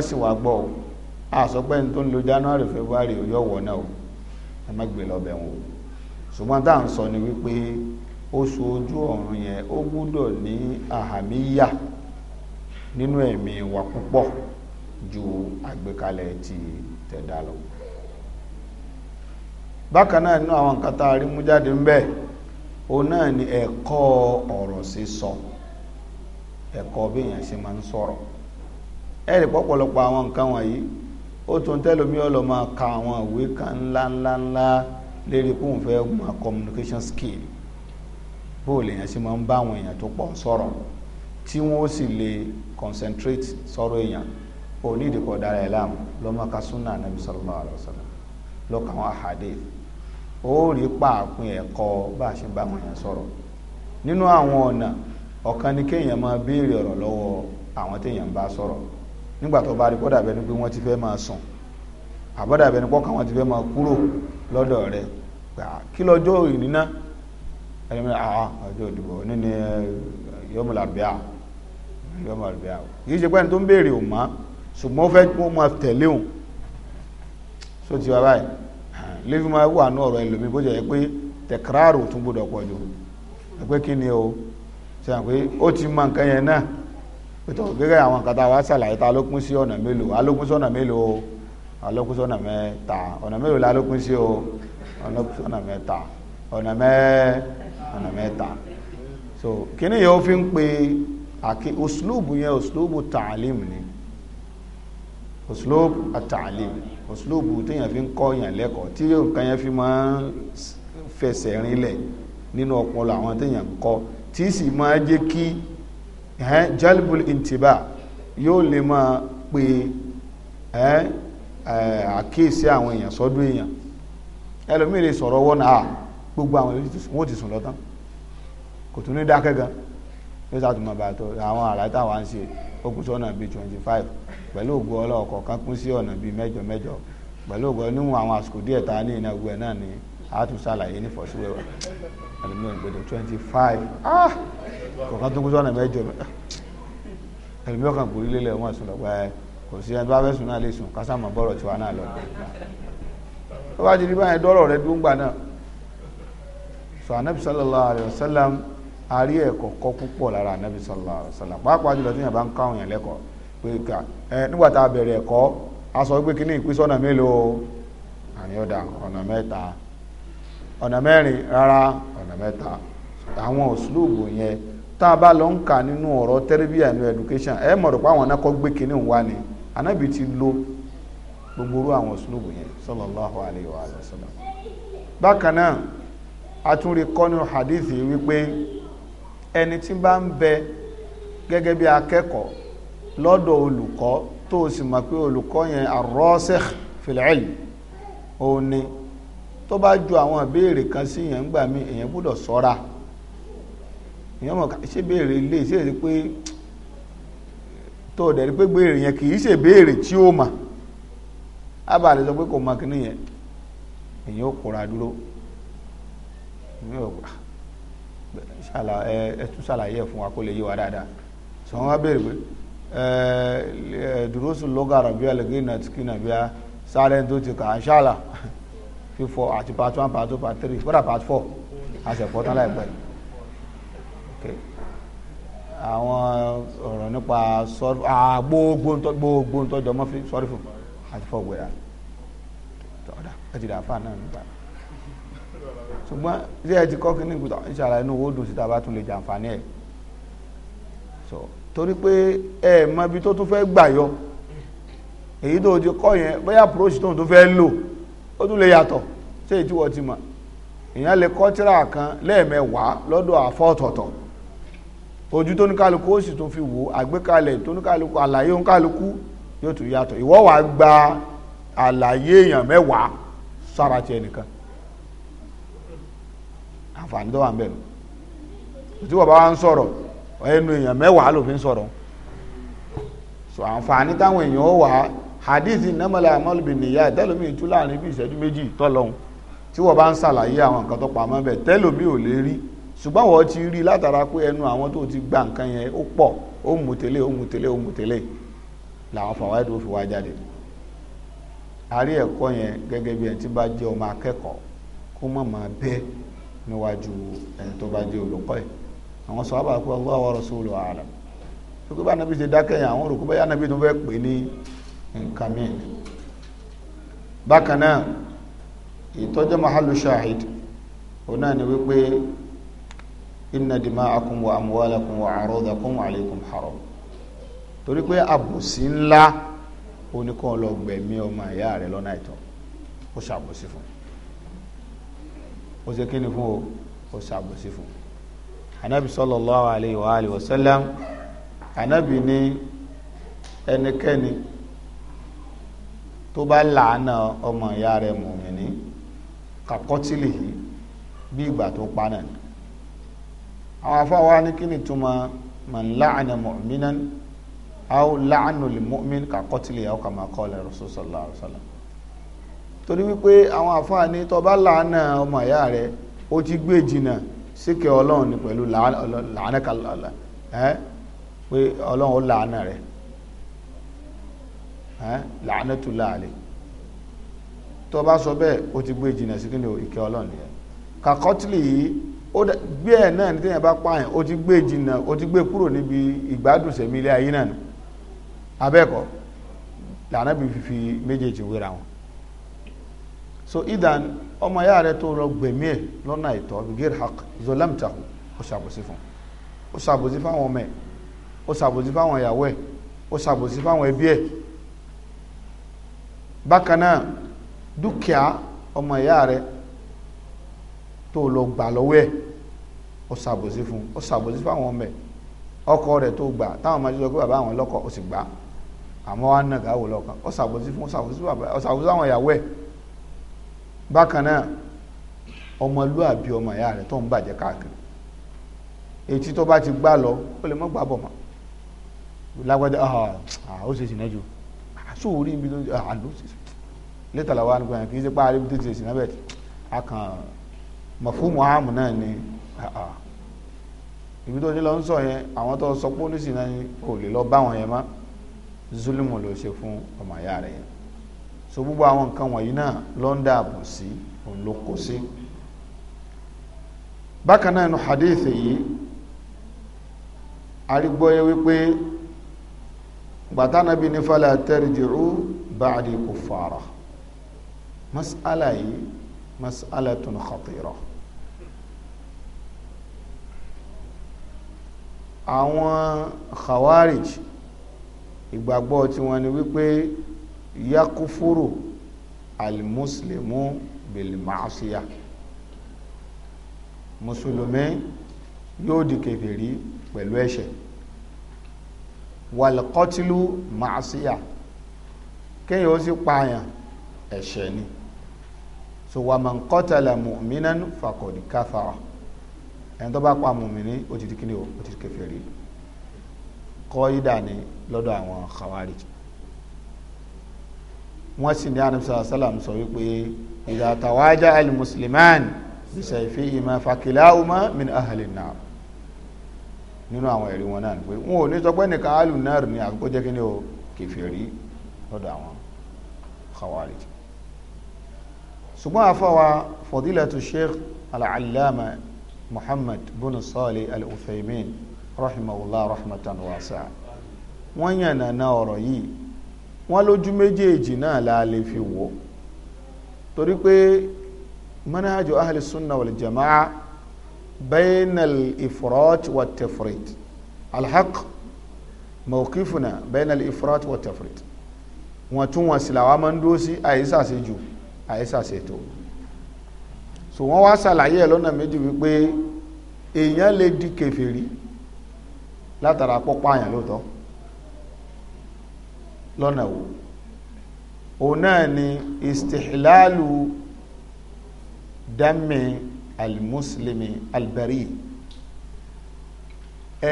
àsọpẹ́ ní tó ń lo january february ò yọ̀wọ̀ náà o ẹ má gbé lọ́bẹ̀ wọn o ṣùgbọ́n tá à ń sọ ni wípé oṣù ojú ọ̀run yẹn ó gbúdọ̀ ní àhàmíyà nínú ẹ̀mí wa púpọ̀ ju àgbékalẹ̀ ti tẹ̀dá lọ bákan náà nínú àwọn nǹkan tá a rí mú jáde ń bẹ̀ òun náà ni ẹ̀kọ́ ọ̀rọ̀ sísọ ẹ̀kọ́ bí èèyàn ṣe máa ń sọ̀rọ̀ ẹ̀rì pọ̀pọ̀lọpọ̀ àwọn nǹkan wọ̀nyí ó tún tẹ́lómi ọlọ́ máa ka àwọn ìwé kan ńlá ńlá ńlá lérí kóun fẹ́ mọ̀ communication skill bóò lèèyàn ṣe máa ń bá àwọn èèyàn tó pọ̀ sọ̀rọ̀ tí wọ́n sì lè concentrate sọ̀rọ̀ èèyàn ò ní ìdìkọ̀ dára ẹ̀ láàmú lọ́mọ́ka súnà nàbí sallallahu alaihi wasallam lọ́kà àwọn hadith ó rí pàápín ẹ̀kọ́ bá a ṣe bá àwọn èèyàn sọ̀rọ̀ nínú àwọn ọ̀nà ọ̀kan ni kéèyàn máa béèrè ọ̀rọ̀ lọ́wọ́ àwọn téèyàn bá sọ̀rọ̀ nígbà tó bá rí kódà bẹ́ẹ̀ ni pé wọ́n ti fẹ́ máa sùn àbọ̀dà bẹ́ẹ̀ ni pọ́kàn wọ́n ti fẹ́ máa kúrò lọ́dọ̀ rẹ̀ kí lọ́jọ́ ìnínà ẹni mẹ́rin àá ọjọ́ ìdìbò nínú yọmọ làbíà yọmọ làbíà kì í ṣe pẹ́ni tó ń béèrè òun mọ́ ṣùgbọ́n ó fẹ́ kó máa tẹ̀lé òun só ti wá báyìí lébi máa wà ní ọ̀rọ̀ ẹlòmí bó jẹ́ pé tẹ̀kárò tún gbọdọ̀ pọ̀ jù pé kí ni o ṣe àpé ó ti mọ nǹkan yẹn náà pẹ̀tọ́ gẹ́gẹ́ àwọn nǹkan tá a wá ṣàlàyé ta ló pín sí ọ̀nà mélòó alópín sí ọ̀nà mélòó alópín sí ọ̀nà mẹ́ta ọ̀nà mélòó la ló pín sí o alópín sí ọ̀nà mẹ́ta ọ̀nà mẹ́ ọ̀nà mẹ́ta so kíní yẹn ó fi ń pe àkí òṣùlùbù yẹn òṣùlùbù tààlim ni òṣùlùbù àtààlim òṣùlùbù téèyàn fi ń kọ́ yàn lẹ́kọ̀ọ́ tí nǹkan yẹn fi máa ń fẹsẹ̀ rinlẹ̀ nínú ọpọlọ àwọn téèyàn ń kọ́ tí sì máa jẹ́ kí ẹ̀hẹ́n jalbul intiba yóò lè máa pe àkíyèsí àwọn èèyàn sọ́dún èèyàn ẹlòmíì lè sọ̀rọ̀ wọ́n náà gbogbo àwọn wọ́n ti sùn lọ́tán kò tún ní dákẹ́ gan yóò sàtúmọ̀ bàtọ̀ àwọn àràtà wà ń ṣe okùn sí ọ̀nà bíi twenty five pẹ̀lú ọlọ́ọ̀kọ̀ kan kún sí ọ̀nà bíi mẹ́jọ mẹ́jọ pẹ̀lú ògbó níwọ̀n àwọn àsìkò díẹ̀ ta ní iná ẹ̀ náà ni a tún ṣàlàyé ní ẹlòmíì kọ̀ọ̀kan tó kú sọ́nà mẹ́jọ ẹ̀lùmí ọkàn kò rí lélẹ̀ wọn sùn lọ́gbà ẹ̀ kò sí ẹni tó bá fẹ́ sùn náà lè sùn kásámọ̀ bọ́rọ̀ tiwa náà lọ tó bá ti rí báyẹn dọ́rọ̀ rẹ dún gbà náà sọ anabi sallallahu alayhi wa sallam a rí ẹ̀kọ́ kọ́ púpọ̀ lára anabi sallallahu alayhi wa sallam pàápàá jùlọ tí yàn bá ń káwọn yàn lẹ́kọ̀ọ́ pé ká ẹ nígbà tá a bẹ̀rẹ̀ ẹ̀kọ́ a sọ pé kíní ìpín sọ́nà mélòó àyọ̀dà ọ̀nà mẹ́ta ọ̀nà mẹ́rin rárá ọ̀nà mẹ́ta àwọn òṣùlùbù yẹn tá a bá lọ ń kà nínú ọ̀rọ̀ tẹ́rẹ́bíà nínú education ẹ mọ̀rọ̀ pé àwọn anákọ́ gbé kínní wà ní anábì ti lo gbogbo orú àwọn yẹn sallallahu alayhi wa sallam bákan náà a tún rí kọ́ hadithi wípé ẹni tí bá ń bẹ gẹ́gẹ́ bí akẹ́kọ̀ọ́ lọ́dọ̀ olùkọ́ tó o sì mọ̀ pé olùkọ́ yẹn èèyàn mọ̀ ṣé béèrè ilé ṣé èrí pé tó dẹ̀ rí pé béèrè yẹn kì í ṣe béèrè tí ó mà ábàlẹ̀ sọ pé kò mọ kíní yẹn èèyàn ò kóra dúró ẹ tún ṣàlàyé ẹ̀ fún wa kó lè yé wa dáadáa sọ wọn wá béèrè pé dùrọ́sù lọ́gàrà bí alẹ́gẹ́ náà ti kí náà bí a sáré tó ti kà á ṣáàlà fífọ àti part one part two part three fọ́dà part four àṣẹ̀fọ́ tán láìpẹ́ yìí àwọn ọ̀rọ̀ nípa sọ́rí gbogbo gbogbo ntọ́jọ́ mọ́ fi sọ́rí fún àti fọ́gbẹ̀rà tọ́da ẹ ti dàáfà náà nígbà ṣùgbọ́n ṣé ẹ ti kọ́ kí ní ìgbìtọ̀ ìṣàlà inú owó dùn síta bá tún lè jàǹfààní ẹ̀ sọ torí pé ẹ mọ ibi tó tún fẹ́ gbà yọ èyí tó ti kọ́ yẹn bóyá approach tóun tó fẹ́ lò ó tún lè yàtọ̀ ṣé èyí tí ti mọ̀ èèyàn lè kọ́ tíra kan lẹ́ẹ̀mẹwàá lọ́dọ̀ àfọ́ ọ̀tọ̀ọ̀tọ̀ ojú tó ní kálukú ó sì tún fi wò àgbékalẹ̀ tó ní kálukú àlàyé ń kálukú yóò tún yàtọ̀ ìwọ wà gba àlàyé èèyàn mẹ́wàá sára ti ẹnìkan àǹfààní tó wà ń bẹ̀rù tí bàbá wa ń sọ̀rọ̀ ẹnu èèyàn mẹ́wàá ló fi ń sọ̀rọ̀ so àǹfààní táwọn èèyàn ó wà hadith nàmàlà àmọ́lùbí nìyá ìtẹ́lómi ìtú láàrin bí ìṣẹ́jú méjì tọ́lọ́hun tí wọ́n bá ń ṣàlàyé àwọn nǹkan tó pamọ́ bẹ̀ tẹ́lómi ò lè rí ṣùgbọ́n wọ́n ti rí látara pé ẹnu àwọn tó ti gba nǹkan yẹn ó pọ̀ ó mú télé ó mú télé ó mú télé làwọn fàwáìdì ó fi wá jáde àárí ẹ̀kọ́ yẹn gẹ́gẹ́ bí ẹni tí bá jẹ́ ọmọ akẹ́kọ̀ọ́ kó mọ̀ máa bẹ́ níwájú ẹni tó bá jẹ́ olùkọ́ ẹ̀ àwọn sọ àbá pé Allahu wa rasuluhu a'lam tókè bá nàbí ṣe dákẹ́ yẹn àwọn olùkọ́ bá yá nàbí tó fẹ́ pè ní nǹkan mìíràn bákan náà ìtọ́jọ́ mahalu shahid òun náà ni wípé inna dima'akum wa amwalakum wa aradakum wa alaykum haram torí pé àbòsí ńlá oníkan lọ gbẹ̀mí ọmọ ìyá rẹ̀ lọ́nà ìtọ́ ó ṣàbòsí fún ó ṣe kíni fún o ó ṣàbòsí fún anabi sallallahu alayhi wa alihi wa sallam anabi ní ẹnikẹ́ni tó bá làánà ọmọ ìyá rẹ̀ mùmíní kàkọ́tìlì bí ìgbà tó pa náà àwọn afáwa ní kí ni túmọ̀ man la'ana mu'minan aw la'anu li mu'min ka qatli aw kama qala rasul sallallahu alaihi wasallam torí wípé àwọn afáwa ní tó bá làánà ọmọ ìyá rẹ̀ ó ti gbé jìnnà síkẹ ọlọ́run ni pẹ̀lú làánà kàlọ́lá ẹ́ pé ọlọ́run ó làánà rẹ̀ ẹ́ làánà tù láàlẹ́ tó sọ bẹ́ẹ̀ ó ti gbé jìnnà síkẹ ọlọ́run nìyẹn kàkọ́tìlì yìí ó bí náà ní tẹ́yìn bá pààyàn ó ti gbé jìnnà ó ti gbé kúrò níbi ìgbádùn sẹ̀mí ilé ayé náà nù abẹ́ẹ̀kọ́ lànà bí fífi méjèèjì wéra so idan ọmọ yàrá rẹ tó lọ gbẹ̀mí ẹ̀ lọ́nà haq zolamtahu ó ṣàbòsí fún ó ṣàbòsí fáwọn ọmọ ẹ̀ ó ṣàbòsí fáwọn ìyàwó ẹ̀ ó ṣàbòsí fáwọn ẹbí ẹ̀ bákan náà dúkìá ọmọ tó lọ gbà lọ́wọ́ ẹ̀ ó ṣàbòsí fún ó ṣàbòsí fún àwọn ọmọ ẹ̀ ọkọ rẹ̀ tó gbà táwọn ọmọdé sọ pé bàbá àwọn lọ́kọ ó sì gbà àmọ́ wa nà gáwó lọ́kàn ó ṣàbòsí fún ó ṣàbòsí bàbá ó ṣàbòsí àwọn ìyàwó ẹ̀ bákan náà ọmọlúàbí ọmọ ìyá rẹ̀ tó ń bàjẹ́ káàkiri etí tó bá ti gbá lọ ó lè mọ́ gbà bọ̀ mọ́ lágbájá ah, ah, ó ṣe ìsìnà jù sóòrí ah, mọ̀fúnmù ààmù náà ni ibi tó ní lọ ń sọ yẹn àwọn tó sọ pé oníṣìí náà kò lè lọ bá wọn yẹn má zulimu ló ṣe fún ọmọ ìyá rẹ̀ yẹn so gbogbo àwọn nǹkan wọ̀nyí náà ló ń dáàbò sí òun sí bákan náà nu hadith yìí arígbóyé wípé gbàtánà bí ní fala tarji'u ba'di kuffara mas'ala yìí مسألة خطيرة. àwọn khawarij ìgbàgbọ́ tiwọn ni wípé yakufuru almuslimu bilmaasiya mùsùlùmí yóò di kèfèrí pẹ̀lú ẹ̀ṣẹ̀ walqatilu maasiya kéèyàn ó sì pààyàn ẹ̀ṣẹ̀ ni so wà man qatala mu'minan faqad kafara ẹni tó bá pa mùmíní ó ti di kíni o ó ti di kèfèrí kọ́ ìdá ni lọ́dọ̀ àwọn khawarij wọ́n sì ní anamsa salam sọ wípé idha tawaja al-musliman bisayfihima fakilahuma min ahli an nínú àwọn ẹ̀rí wọn náà pé wọn ò ní sọ nìkan alùnáàrù ní àkókò jẹ́ kí ni o kèfèrí lọ́dọ̀ àwọn khawarij ṣùgbọ́n àfọwà fadilatu sheikh al-allama muhammad bin salih al-uthaymin rahimahullah rahmatan wasa wọ́n yànnà náà ọ̀rọ̀ yìí wọ́n lójú méjèèjì náà la lè fi wò torí pé manhajú ahli sunna wal jama'a bayna al-ifrat wa tafrit alhaq mawqifuna bayna ifrat wa tafrit wọ́n tún wọ́n sì làwọn ń dúró sí àyíṣà sí jù àìsàṣètò so wọ́n wá ṣàlàyé ẹ̀ lọ́nà méjì wípé èèyàn lè di kèfèrí látara pọ́pọ́ àyàn lóòótọ́ lọ́nà wo òun náà ni istihlalu dami almuslimi albari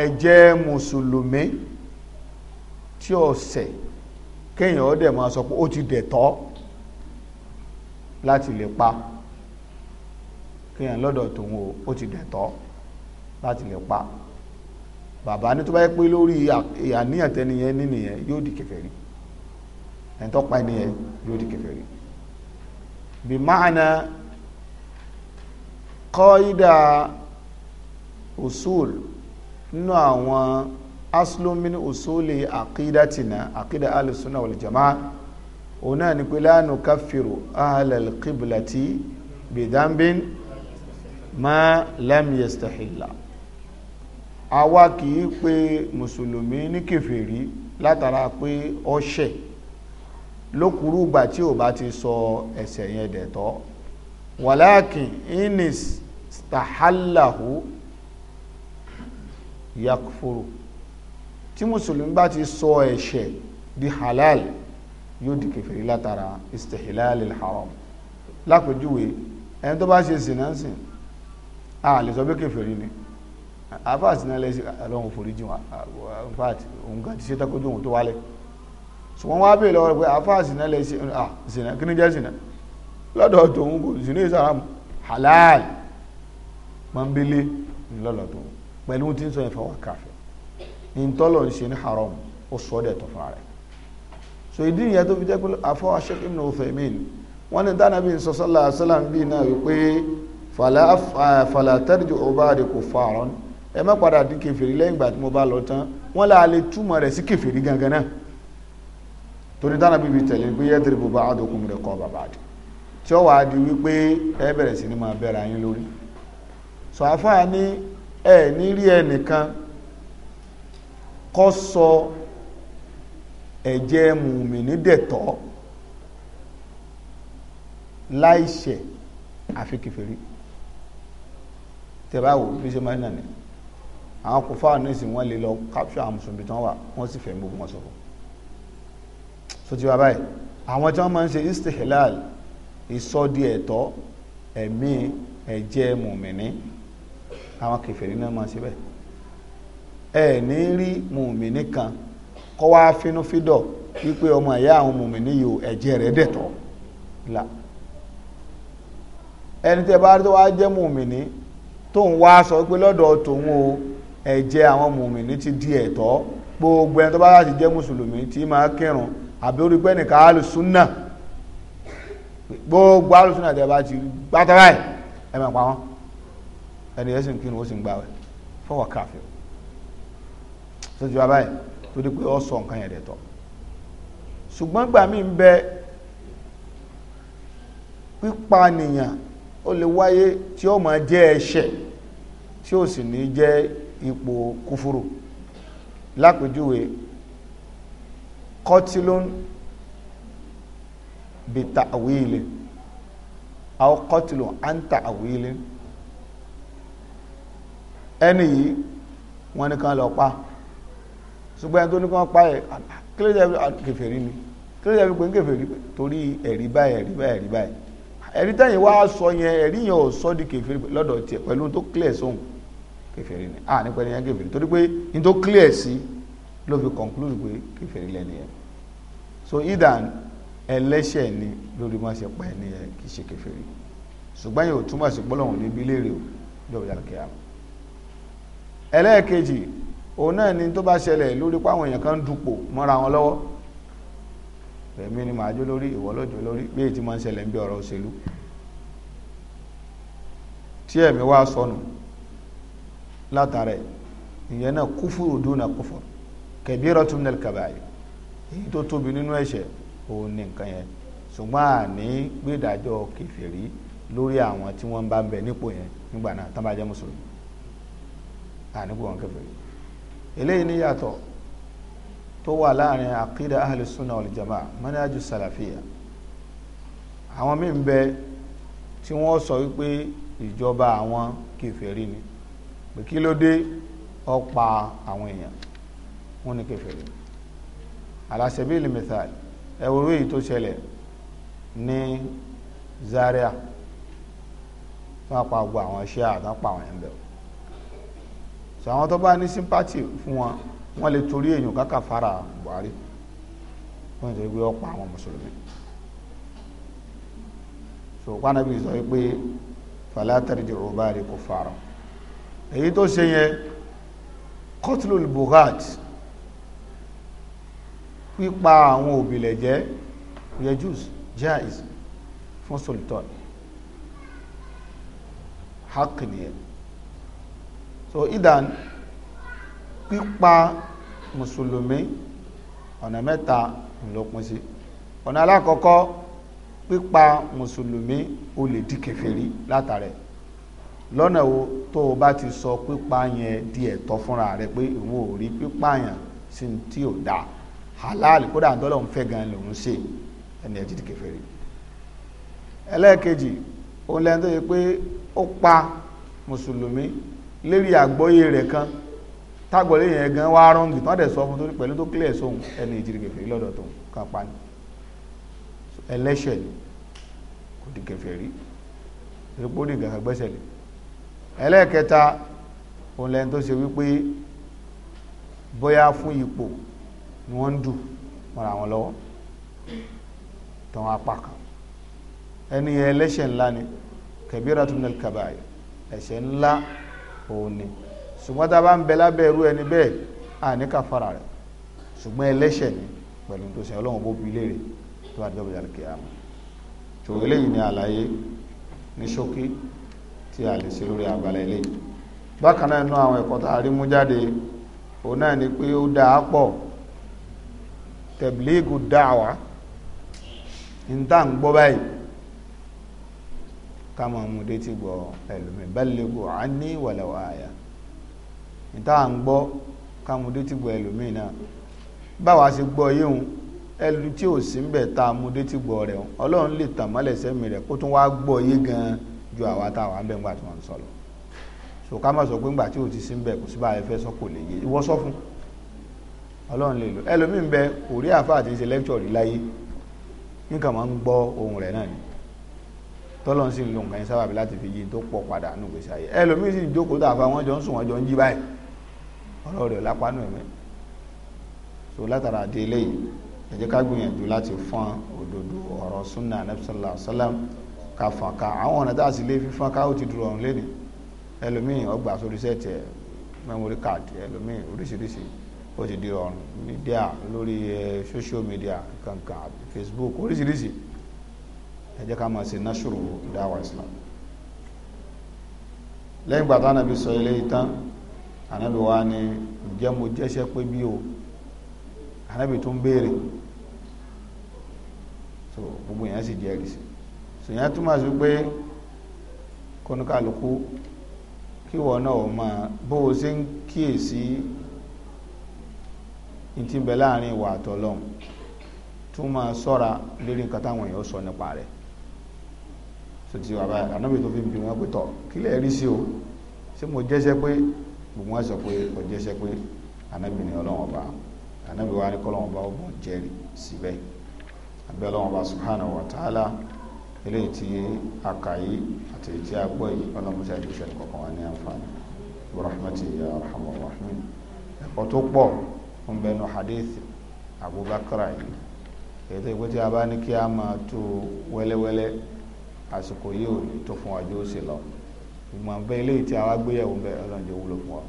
ẹ̀jẹ̀ mùsùlùmí tí ó ṣẹ̀ kéèyàn ó dẹ̀ máa sọ pé ó ti dẹ̀tọ́ láti lè pa kíyàn lọ́dọ̀ tòun ó ti dẹ̀tọ́ láti lè pa bàbá ní tó bá yẹ pé lórí àníyàn tẹniyẹn nínìyẹn yóò di kèfèrí ẹni tó pa ẹniyẹn yóò di kèfèrí bí máàna kọ́ídà usul nínú àwọn aslumin usuli àkídàtìnà àkídà alùsùnà wal òun náà ni pé la nukaffiru ahlal qiblati bidambin ma lam yastahilla àwa kì í pe mùsùlùmí ní kèfèrí látara pé ọ̀ṣẹ̀ lókùrú ìgbà tí ò bá ti sọ ẹ̀ṣẹ̀ yẹn dẹ̀tọ́ walakin inis stahallahu yakfuru tí mùsùlùmí bá ti sọ ẹ̀ṣẹ̀ di halal yóò di kèfèrí látara istihlal al-haram lápèjúwe ẹni tó bá ṣe sinansin a lè sọ pé kèfèrí ni àfáà sinalẹ sí Ọlọ́run foríjì wọn in fact òun kan ti ṣe tako dóhun tó wálẹ̀ ṣùgbọ́n wọ́n á bèèrè lọ́wọ́ pé àfáà sinalẹ sí ah sinna kí ni jẹ́ sinna lọ́dọ̀ tòun kò sinna ìsàrámù halal mọ́nbélé lọ́dọ̀ tòun pẹ̀lú tí ń sọ ìfọwọ́ kàfẹ́ ìtọ́lọ̀ ń ṣe ní haram ó sọ́dẹ̀ tó fara rẹ̀ so ìdí ìyẹn tó fi jẹ́ pé àfọ́ Sheikh Ibn Uthaymeen wọ́n ní tánàbí ń sọ sọ́lá sọ́lám bíi náà wípé fàlà tẹ́rìjù ọba rẹ̀ kò fààrán ẹ má padà di kẹfìrí lẹ́yìn ìgbà tí mo bá lọ tán wọ́n là á lè túmọ̀ rẹ̀ sí kẹfìrí gangan náà torí tánàbí fi tẹ̀lé pé yẹ́dìrì bùbá àdókùn rẹ̀ kọ́ bàbá àdì tí ó wàá di wípé ẹ bẹ̀rẹ̀ sí ni máa bẹ̀rẹ̀ ayín lórí sọ àfáà ní ẹ ní rí ẹnìkan kọ́ sọ ẹ̀jẹ̀ mùmìnì dẹ̀tọ́ láìṣẹ̀ àfi kèfèrí tẹ́bá wò bí ṣe máa ń nà ní àwọn kò fáwọn ní ìsìn wọ́n lè lọ capture àwọn mùsùlùmí tán wà wọ́n sì fẹ́ gbogbo wọn sọ̀rọ̀ so ti wá báyìí àwọn tí wọ́n máa ń ṣe istihlal ìsọdi ẹ̀tọ́ ẹ̀mí ẹ̀jẹ̀ mùmìnì àwọn kèfèrí náà máa ṣe bẹ́ẹ̀ ẹ̀ ní rí mùmìnì kan kọ́ wá fínú fídọ̀ wípé ọmọ ìyá àwọn mùmìnì yìí ẹ̀jẹ̀ rẹ̀ dẹ̀tọ̀ la ẹni tẹ́ bá tó wá jẹ́ mùmìnì tó ń wá sọ pé lọ́dọ̀ tòun o ẹ̀jẹ̀ àwọn mùmìnì ti di ẹ̀tọ́ gbogbo ẹni tó bá láti jẹ́ mùsùlùmí tí máa kírun àbí orí pẹ́ nìkan alùsùnà gbogbo alùsùnà tẹ́ bá ti gbátọ́ báyìí ẹ̀ máa ẹni ẹ̀sìn kírun ó sì ń gbàwẹ̀ fọwọ́ káfíọ́ sójú abáyé torí pé ọ sọ nǹkan yẹn rẹ̀ tọ̀ ṣùgbọ́n gbà mí ń bẹ pípa nìyàn ó lè wáyé tí ó máa jẹ́ ẹ̀ṣẹ̀ tí ó sì ní jẹ́ ipò kúfúrú lápèjúwe kọtílón bìtà àwílẹ̀ àwọn kọtílón àǹtà àwílẹ̀ ẹni yìí wọ́n ní kan lọ pa ṣùgbọ́n ẹni tó ní kí wọ́n pa ẹ̀ kílódé jẹ́ kèfèrí ni kílódé jẹ́ pé ń kèfèrí torí ẹ̀rí báyìí ẹ̀rí báyìí ẹ̀rí báyìí ẹ̀rí tẹ́yìn wá sọ yẹn ẹ̀rí yẹn ò sọ di kèfèrí lọ́dọ̀ tiẹ̀ pẹ̀lú tó clear sóhun kèfèrí ni à nípa ẹni yẹn kèfèrí torí pé ní tó clear sí ló fi conclude pé kèfèrí lẹ́ni yẹn so idan ẹlẹ́ṣẹ̀ ni lórí má ṣe pa ẹni yẹn kì í ṣe kèfèrí ṣùgbọ́n yẹn ò túmọ̀ sí pọ́lọ́hùn níbi léèrè o jọ̀wọ́ yàrá kẹ́yà ẹlẹ́ẹ̀kejì òun náà ni tó bá ṣẹlẹ̀ lórí pé àwọn èèyàn kan dupò mọ́ra wọn lọ́wọ́ èmi ni màá jó lórí ìwọ lọ́jọ́ lórí bí èyí ti máa ń ṣẹlẹ̀ ń bí ọ̀rọ̀ òṣèlú tí ẹ̀mí wá sọnù látara ìyẹn náà kúfúrú dúnà kúfúrú kabiratun minal kabair èyí tó tóbi nínú ẹ̀ṣẹ̀ òun ni nǹkan yẹn ṣùgbọ́n àní gbẹ́dàjọ́ kèfèrí lórí àwọn tí wọ́n bá ń bẹ nípò yẹn nígbà náà tán mùsùlùmí àníkù wọn kèfèrí eléyìí ní yàtọ̀ tó wà láàrin àkídà ahli sunna wal jamaa manhaju salafiya àwọn míì ń bẹ tí wọ́n sọ wípé ìjọba àwọn kèfèrí ni pé kí ló dé ó pa àwọn èèyàn wọ́n ní kèfèrí ala sabili ẹwúrú èyí tó ṣẹlẹ̀ ní Zaria wọ́n pa gbogbo àwọn iṣẹ́ àtàpà àwọn ẹ̀ńbẹ̀wò sọ àwọn tó bá ní sympathy fún wọn wọn lè torí èèyàn káka fara Buhari wọn ti gbé ọ̀pọ̀ àwọn mùsùlùmí so kwanabi sọ pé falatari di rubari kò fara èyí tó ṣe yẹn kotlul bughat pípa àwọn òbílẹ̀ jẹ́ yẹ jews jaiz fún sultan hakniyẹ so idan pípa mùsùlùmí ọ̀nà mẹ́ta ló pín sí ọ̀nà alákọ̀ọ́kọ́ pípa mùsùlùmí ó lè di kèfèrí látàrẹ lọ́nà wo tó o bá ti sọ pípa yẹn di ẹ̀tọ́ fúnra rẹ pé ìwọ ò pípa yẹn sí tí ò dáa halal kódà tọ́lọ̀ ń fẹ́ gan lòun ṣe ẹni ẹ̀ ti di kèfèrí ẹlẹ́ẹ̀kejì òun lẹ́nu tó yẹ pé ó pa mùsùlùmí lérí àgbọ́yé rẹ̀ kan tágbọ̀lé yẹn gan wá rọ́ǹgì tán dẹ̀ sọ fún torí pẹ̀lú tó clear sóhun ẹni ìjìrì kẹfẹ́rí lọ́dọ̀ tó kan pa ni ẹlẹ́ṣẹ̀ ni kò di kẹfẹ́rí epo ní gàgà gbẹ́sẹ̀ lé ẹlẹ́ẹ̀kẹta òun lẹ́ni tó ṣe wípé bóyá fún ipò ni wọ́n ń dù mọ́ra wọn lọ́wọ́ tán apá kan ẹni ẹlẹ́ṣẹ̀ ńlá ni kẹbíratun al-kabair ẹ̀ṣẹ̀ ńlá òun ni ṣùgbọ́n tá a bá ń bẹ lábẹ́ irú ẹni bẹ́ẹ̀ à ní kàfàrà rẹ̀ ṣùgbọ́n ẹlẹ́ṣẹ̀ ni pẹ̀lú tó ṣe ọlọ́run bó bi léèrè tó bá dọ́bọ̀ yàrá kìá ṣòro eléyìí ni àlàyé ní ṣókí tí a lè ṣe lórí abala eléyìí bákan náà nínú àwọn ẹ̀kọ́ tá a rí mú jáde òun náà ni pé ó dáa pọ̀ tẹ̀blígù dáwà ń tà ń gbọ́ báyìí ká máa mú détí gbọ́ ẹlòmí ballighu anni walaw aya níta à ń gbọ́ ká mú détí gbọ́ ẹlòmí náà báwa ṣe gbọ́ yíhun ẹlú tí ò sí ń bẹ̀ tá a mú détí gbọ́ rẹ̀ ọlọ́run lè tàn mọ́lẹ̀ sẹ́mi rẹ̀ kó tún wá gbọ́ yé gan ju àwa tá wà ń bẹ̀ ńgbà tí wọ́n ń sọ̀rọ̀ so ká má sọ pé ńgbà tí ò ti sí ń bẹ̀ kò sí bá a fẹ́ sọ kò lè yé ìwọ sọ fún ọlọ́run lè lò ẹlòmí tọ́lọ́n sì ń lo nǹkan sábàbí láti fi yí tó pọ̀ padà nù gbèsè ayé ẹlòmíì sì jókòó tàfà wọn jọ ń sùn wọn jọ ń jí báyìí ọ̀rọ̀ rẹ̀ lápánú ẹ̀mí so látara dé eléyìí ẹ jẹ́ ká gbìyànjú láti fọ́n òdodo ọ̀rọ̀ sunna anabi sallallahu alaihi wasallam ká fọ́n ká àwọn ọ̀nà tá a sì lé fífọ́n ká ó ti dúró ọ̀run lẹ́nu ẹlòmíì ọgbà sórí sẹ́ẹ̀tì ẹ̀ memory card ẹlòmíì oríṣiríṣi ó ti di ọ̀run mídíà lórí eh, social media kankan Facebook oríṣiríṣi ẹ jẹ́ ká máa ṣe náṣùrù dáwà islam lẹ́yìn ìgbà táwọn àbí sọ ilé ìtàn ànábì wa ni ǹjẹ́ mo jẹ́ṣẹ́ pé bí o ànábì tún béèrè so gbogbo èèyàn sì jẹ́rìí sí so èèyàn túmọ̀ sí pé kónúkàlùkù kí wọ́n náà máa bó o ṣe ń kíyèsí ní ti ń bẹ láàrin ìwà àtọ̀lọ́hún tún máa sọ́ra lérí nǹkan táwọn èèyàn sọ nípa rẹ̀ sotí wà báyìí anábì tó fi ń bi wọn pé tọ kí lè rí sí o ṣé mo jẹ́sẹ́ pé gbogbo wọn sọ pé mo jẹ́sẹ́ pé anábì ni ọlọ́wọ́n ọba anábì wa ni kọ́lọ́wọ́n ọba ọgbọ̀n jẹ́rìí síbẹ̀ abẹ́ ọlọ́wọ́n ọba subhanahu wa ta'ala eléyìí tí a kà yìí àti èyí tí a gbọ́ yìí ọlọ́mọṣẹ́ ìgbésẹ̀ kọ̀ọ̀kan wa ní àǹfààní burahmati ya arhamar rahimin ẹ̀kọ́ tó pọ̀ ń bẹnu hadith abubakar yìí èyí tó yẹ kó tí a bá ní kí a máa tó wẹ́lẹ́wẹ́lẹ́ àsìkò yìí ò tó fún wa yóò sì lọ ìmọ̀ bẹ́ẹ̀ eléyìí tí a wá gbéyàwó bẹ́ẹ̀ ọlọ́run jẹ́ wúlò fún wa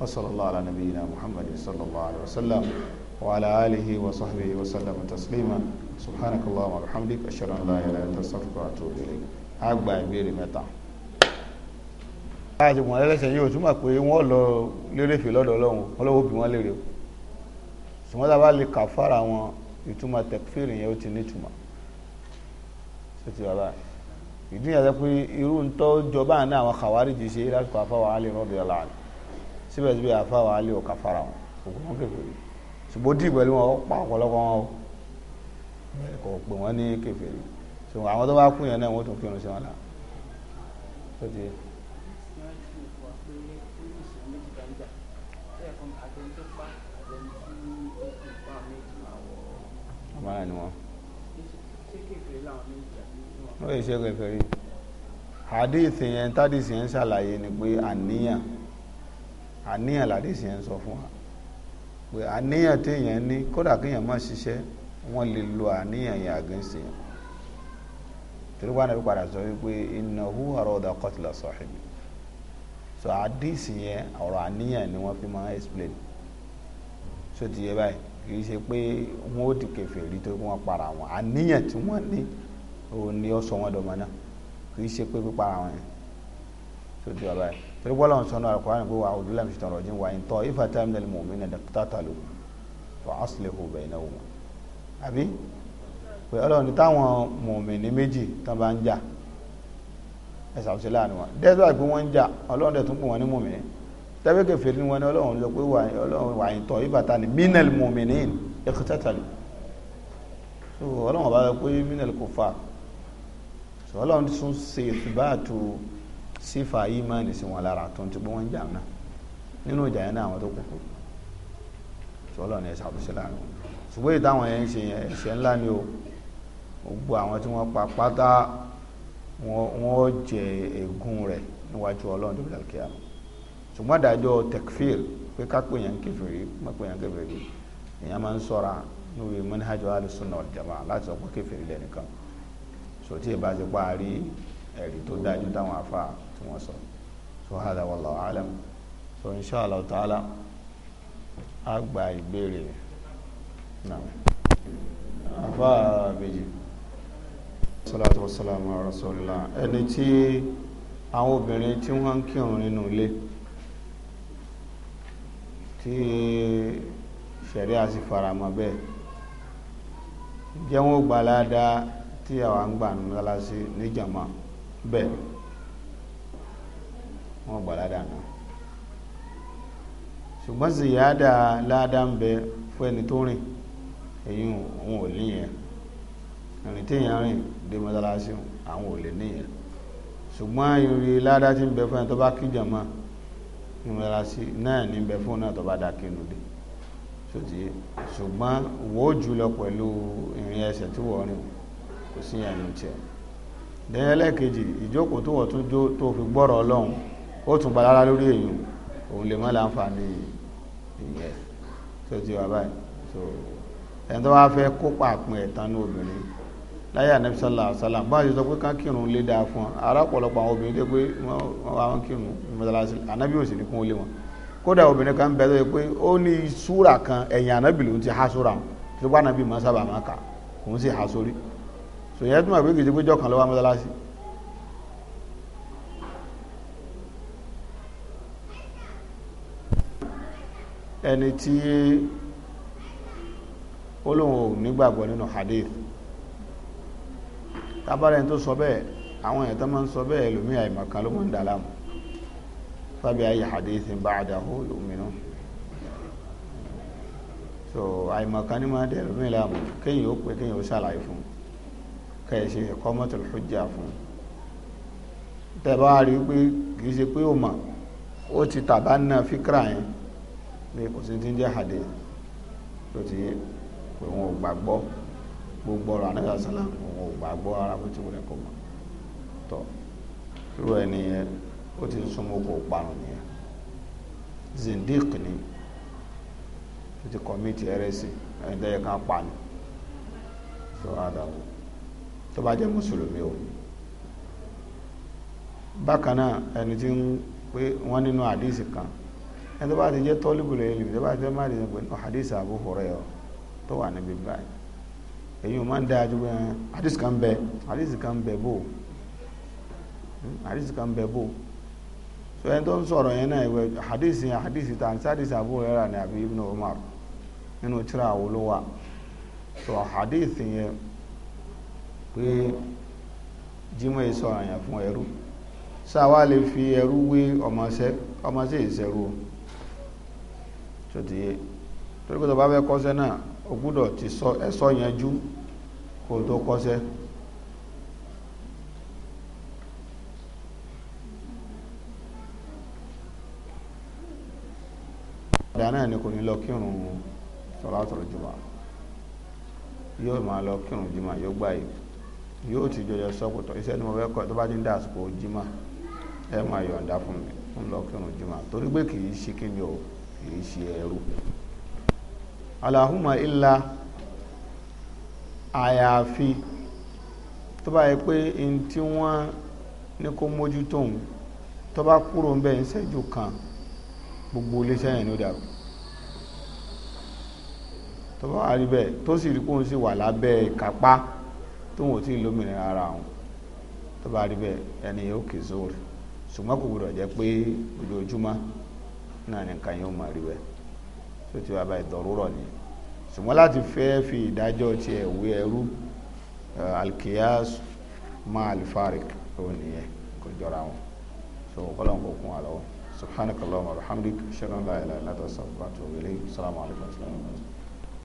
wa sallallahu ala nabiyyina muhammadin sallallahu alayhi wa sallam wa ala alihi wa sahbihi wa sallam taslima subhanakallah wa bihamdika ashhadu an la ilaha illa astaghfiruka wa atubu ilayk a gba ìbéèrè mẹ́ta. báyìí ṣùgbọ́n ẹlẹ́sẹ̀ yóò túmọ̀ pé lọ lérèfé lọ́dọ̀ ọlọ́run wọn lọ́wọ́ bí wọ́n lérè o ṣùgbọ́n tá a lè kà fara wọn ìtumọ̀ tẹkfíìrì yẹn ó ti nítumọ̀ ṣé ti wà báyìí ìdí yàtọ̀ pé irú ń tọ́ jọba náà àwọn kàwáríjì ṣe lásìkò àfáwà alẹ́ rọ́bì ọ̀la àlẹ́ síbẹ̀síbẹ̀ àfáwà alẹ́ ọ̀ka fara wọn òkú wọn kèfèrí ṣùgbọ́n dì pẹ̀lú wọn pa ọ̀pọ̀lọpọ̀ wọn o kò pè wọ́n ní kèfèrí ṣùgbọ́n àwọn tó bá kú yẹn náà wọ́n tún kírun sí wọn la. ọmọ náà ni wọn ó lè ṣe kèfèrí hadith yẹn tádìsì yẹn ṣàlàyé ni pé àníyàn àníyàn làdìsì yẹn sọ fún wa pé àníyàn téèyàn ní kódà kéèyàn má ṣiṣẹ́ wọ́n lè lo àníyàn yẹn against yẹn torí wọn àbí padà sọ wípé innahu arada qatla sahibi so àdìsì yẹn ọ̀rọ̀ àníyàn ni wọ́n fi máa explain so ti yẹ báyìí kì í ṣe pé wọ́n ó di kèfèrí torí wọ́n para wọn àníyàn tí wọ́n ní òun ni ó sọ wọn dọ̀mọ́ náà kì í ṣe pé pípa ara wọn tó di ọba yìí torí bọ́lá wọn sọnù Al-Qur'an pé a'udhu billahi minash shaitanir rajim wa in ta'ifatani minal mu'minina iqtatalu fa aslihu bainahuma àbí pé ọlọ́run ní táwọn mùmìnì méjì tán bá ń jà ẹ ṣàwùṣe láàrin wọn dẹ́sọ́ àìpé wọ́n ń jà ọlọ́run dẹ̀ tún pè wọ́n ní mùmìnì tẹ́bẹ́kẹ̀ fèrè ni wọ́n ní ọlọ́run lọ pé ọlọ́run wà ìtọ̀ ìbàtà ní minal mùmìnì iqtatalu ọlọ́run bá lọ pé minal kuffar sọ ọlọ́run tún ṣe ìfibáàtò sífà ìmánì sí wọn lára tó ń ti pé wọ́n ń jà náà nínú ìjà yẹn náà àwọn tó kúkú sọ ọlọ́run ẹ̀ ṣàbùsí láàrin wọn ṣùgbọ́n ìtàwọn yẹn ń ṣe yẹn ẹ̀ṣẹ̀ ńlá ni o gbogbo àwọn tí wọ́n pa pátá wọ́n jẹ ègún rẹ̀ níwájú ọlọ́run tó bẹ̀rẹ̀ kíá ṣùgbọ́n àdájọ́ tekfir pé kápò yẹn kẹfìrí mọ́pò yẹn kẹfìrí èèyàn máa ń sọ̀ra níwèé manhaj al-sunnah wal láti sọ kẹfìrí lẹ́nìkan so tí ìbá ti pa rí ẹ̀rí tó dájú táwọn afa tí wọ́n sọ so hada wallahu alam so inshallah ta'ala a gba ìbéèrè náà afa méjì salatu wassalamu ala rasulillah ẹni tí àwọn obìnrin tí wọ́n ń kírun nínú ilé tí ṣẹ̀rí a sì faramọ́ bẹ́ẹ̀ jẹ́ wọ́n tí àwọn àgbà ń lọ́la sí níjàmá bẹ́ẹ̀ ni wọ́n gbà ládàá náà ṣùgbọ́n ziyada ládàá ń bẹ fún ẹni tó rìn èyí òun ò níyẹn ìrìn téèyàn rìn dé mọ́sálásí àwọn ò lè níyẹn ṣùgbọ́n ìrìn ládàá ti ń bẹ fún ẹni tó bá kí jàmá ní náà ní bẹ fún náà tó bá dákí inú dé ṣùgbọ́n wò jùlọ pẹ̀lú ìrìn ẹsẹ̀ tí wọ́n rìn kò sí yẹn ní tiẹ̀ dẹ́yìn ẹlẹ́ẹ̀kejì ìjókòó tó wọ̀ tún jó tó fi gbọ́rọ̀ ọlọ́run ó tún balára lórí èyàn òun lè mọ́ láǹfààní ìyẹn tó ti wà báyìí so ẹni tó wá fẹ́ kópa àpin ẹ̀tàn ní obìnrin láyé ànábì sálà sálà bá a ti sọ pé ká kírun lé dáa fún ọ arápọ̀lọpọ̀ àwọn obìnrin tó pé wọ́n wá ń kírun mọ́tàlásí ànábì ò sì ní kún ó lé wọn kódà obìnrin kan bẹ tó pé ó ní súrà kan ẹ̀yìn ànábì lòún ti há súrà wọn tó bá ànábì mọ́ sábà máa kà òun sì há sórí so yẹn túmọ̀ pé kìí ṣe pé jọ́kan ló wá mọ́sálásí ẹni tí ó lóun ò nígbàgbọ́ nínú hadith tábàrẹ̀ tó sọ bẹ́ẹ̀ àwọn èèyàn tó máa ń sọ bẹ́ẹ̀ lómi àìmọ̀kan ló máa ń dà láàmú fábí ayé hadith ba'dahu yu'minun so àìmọ̀kan ní máa dẹ̀ lómi láàmú kéèyàn ó pé kéèyàn ó ṣàlàyé fún un kẹ̀ẹ̀ṣe iqamatul hujja fún tẹ́bá rí pé kì í ṣe pé ó mọ̀ ó ti tàbá náà fíkra yẹn ní kò sí ti ń jẹ́ hadith tó ti pé wọn ò gbàgbọ́ gbogbo ọ̀rọ̀ anáyà sálà wọn ò gbàgbọ́ ara bó ti wọlé kò mọ̀ tọ́ irú ẹni yẹn ó ti súnmọ́ kó parun nìyẹn zindiq ni ó ti kọ́mítì ẹrẹ́sì ẹ̀ẹ́dẹ́yẹ kan pa ni tó adàwọ̀ tó bá jẹ́ mùsùlùmí o bákan náà ẹni tí ń pé wọ́n nínú àdísì kan ẹni tó bá ti jẹ́ tọ́líbùlẹ̀ ilmi tó bá ti jẹ́ má dìde pé nínú àdísì Abu Hurairah tó wà níbi báyìí èyí ò máa ń dáa pé àdísì kan bẹ àdísì kan bẹ bò àdísì hmm, kan bẹ bò so ẹni tó ń sọ̀rọ̀ yẹn náà ìwẹ̀ àdísì yẹn àdísì tàn sí àdísì Abu Hurairah ní àbí Ibn Umar nínú tíra àwòlówà so àdísì yẹn pé jimọ èso àyàn fún ẹrú sáwá lè fi ẹrú wé ọmọṣẹ́ ìṣẹ́rú o tó ti bá fẹ́ kọsẹ náà o ti sọ ẹ̀sọ́ yanjú kò tó kọsẹ náà ni kò ní lọ kírun yóò ti jọjọ sọpọtọ iṣẹ́ ni mo fẹ́ kọ́ tó bá ti ń dà àsìkò jimá ẹ máa yọ̀ǹda fún mi ń lọ kírun jimá torí pé kì í ṣe kí ni o kì í ṣe ẹrú alahuma illa àyàfi tó bá yẹ pé n tí wọ́n ní kó mójútó òun tó bá kúrò ń bẹ̀ ń ṣẹ́jú kan gbogbo iléeṣẹ́ yẹn ló dàrú tó bá wà rí bẹ́ẹ̀ tó sì rí kóun sì wà lábẹ́ ìkápá tó wọn ò tí ì lómìnira ara wọn tó bá rí bẹ́ẹ̀ ẹni yóò kì í sóòrè ṣùgbọ́n kò gbọdọ̀ jẹ́ pé ojoojúmọ́ náà nìkan yóò máa rí bẹ́ẹ̀ tó ti wá báyìí dọ̀rúrọ̀ ni ṣùgbọ́n láti fẹ́ fi ìdájọ́ tiẹ̀ wé ẹrú alkiyas máa alifarik òun nìyẹn kò jọra wọn so kọ́lọ́n kò kún wa lọ́wọ́ subhanakallahumma wa bihamdik ṣẹ́gun láyé láyé látọ̀ sàbàtò wẹ̀lẹ́ sàlámù alaykum wa rahmatulahi.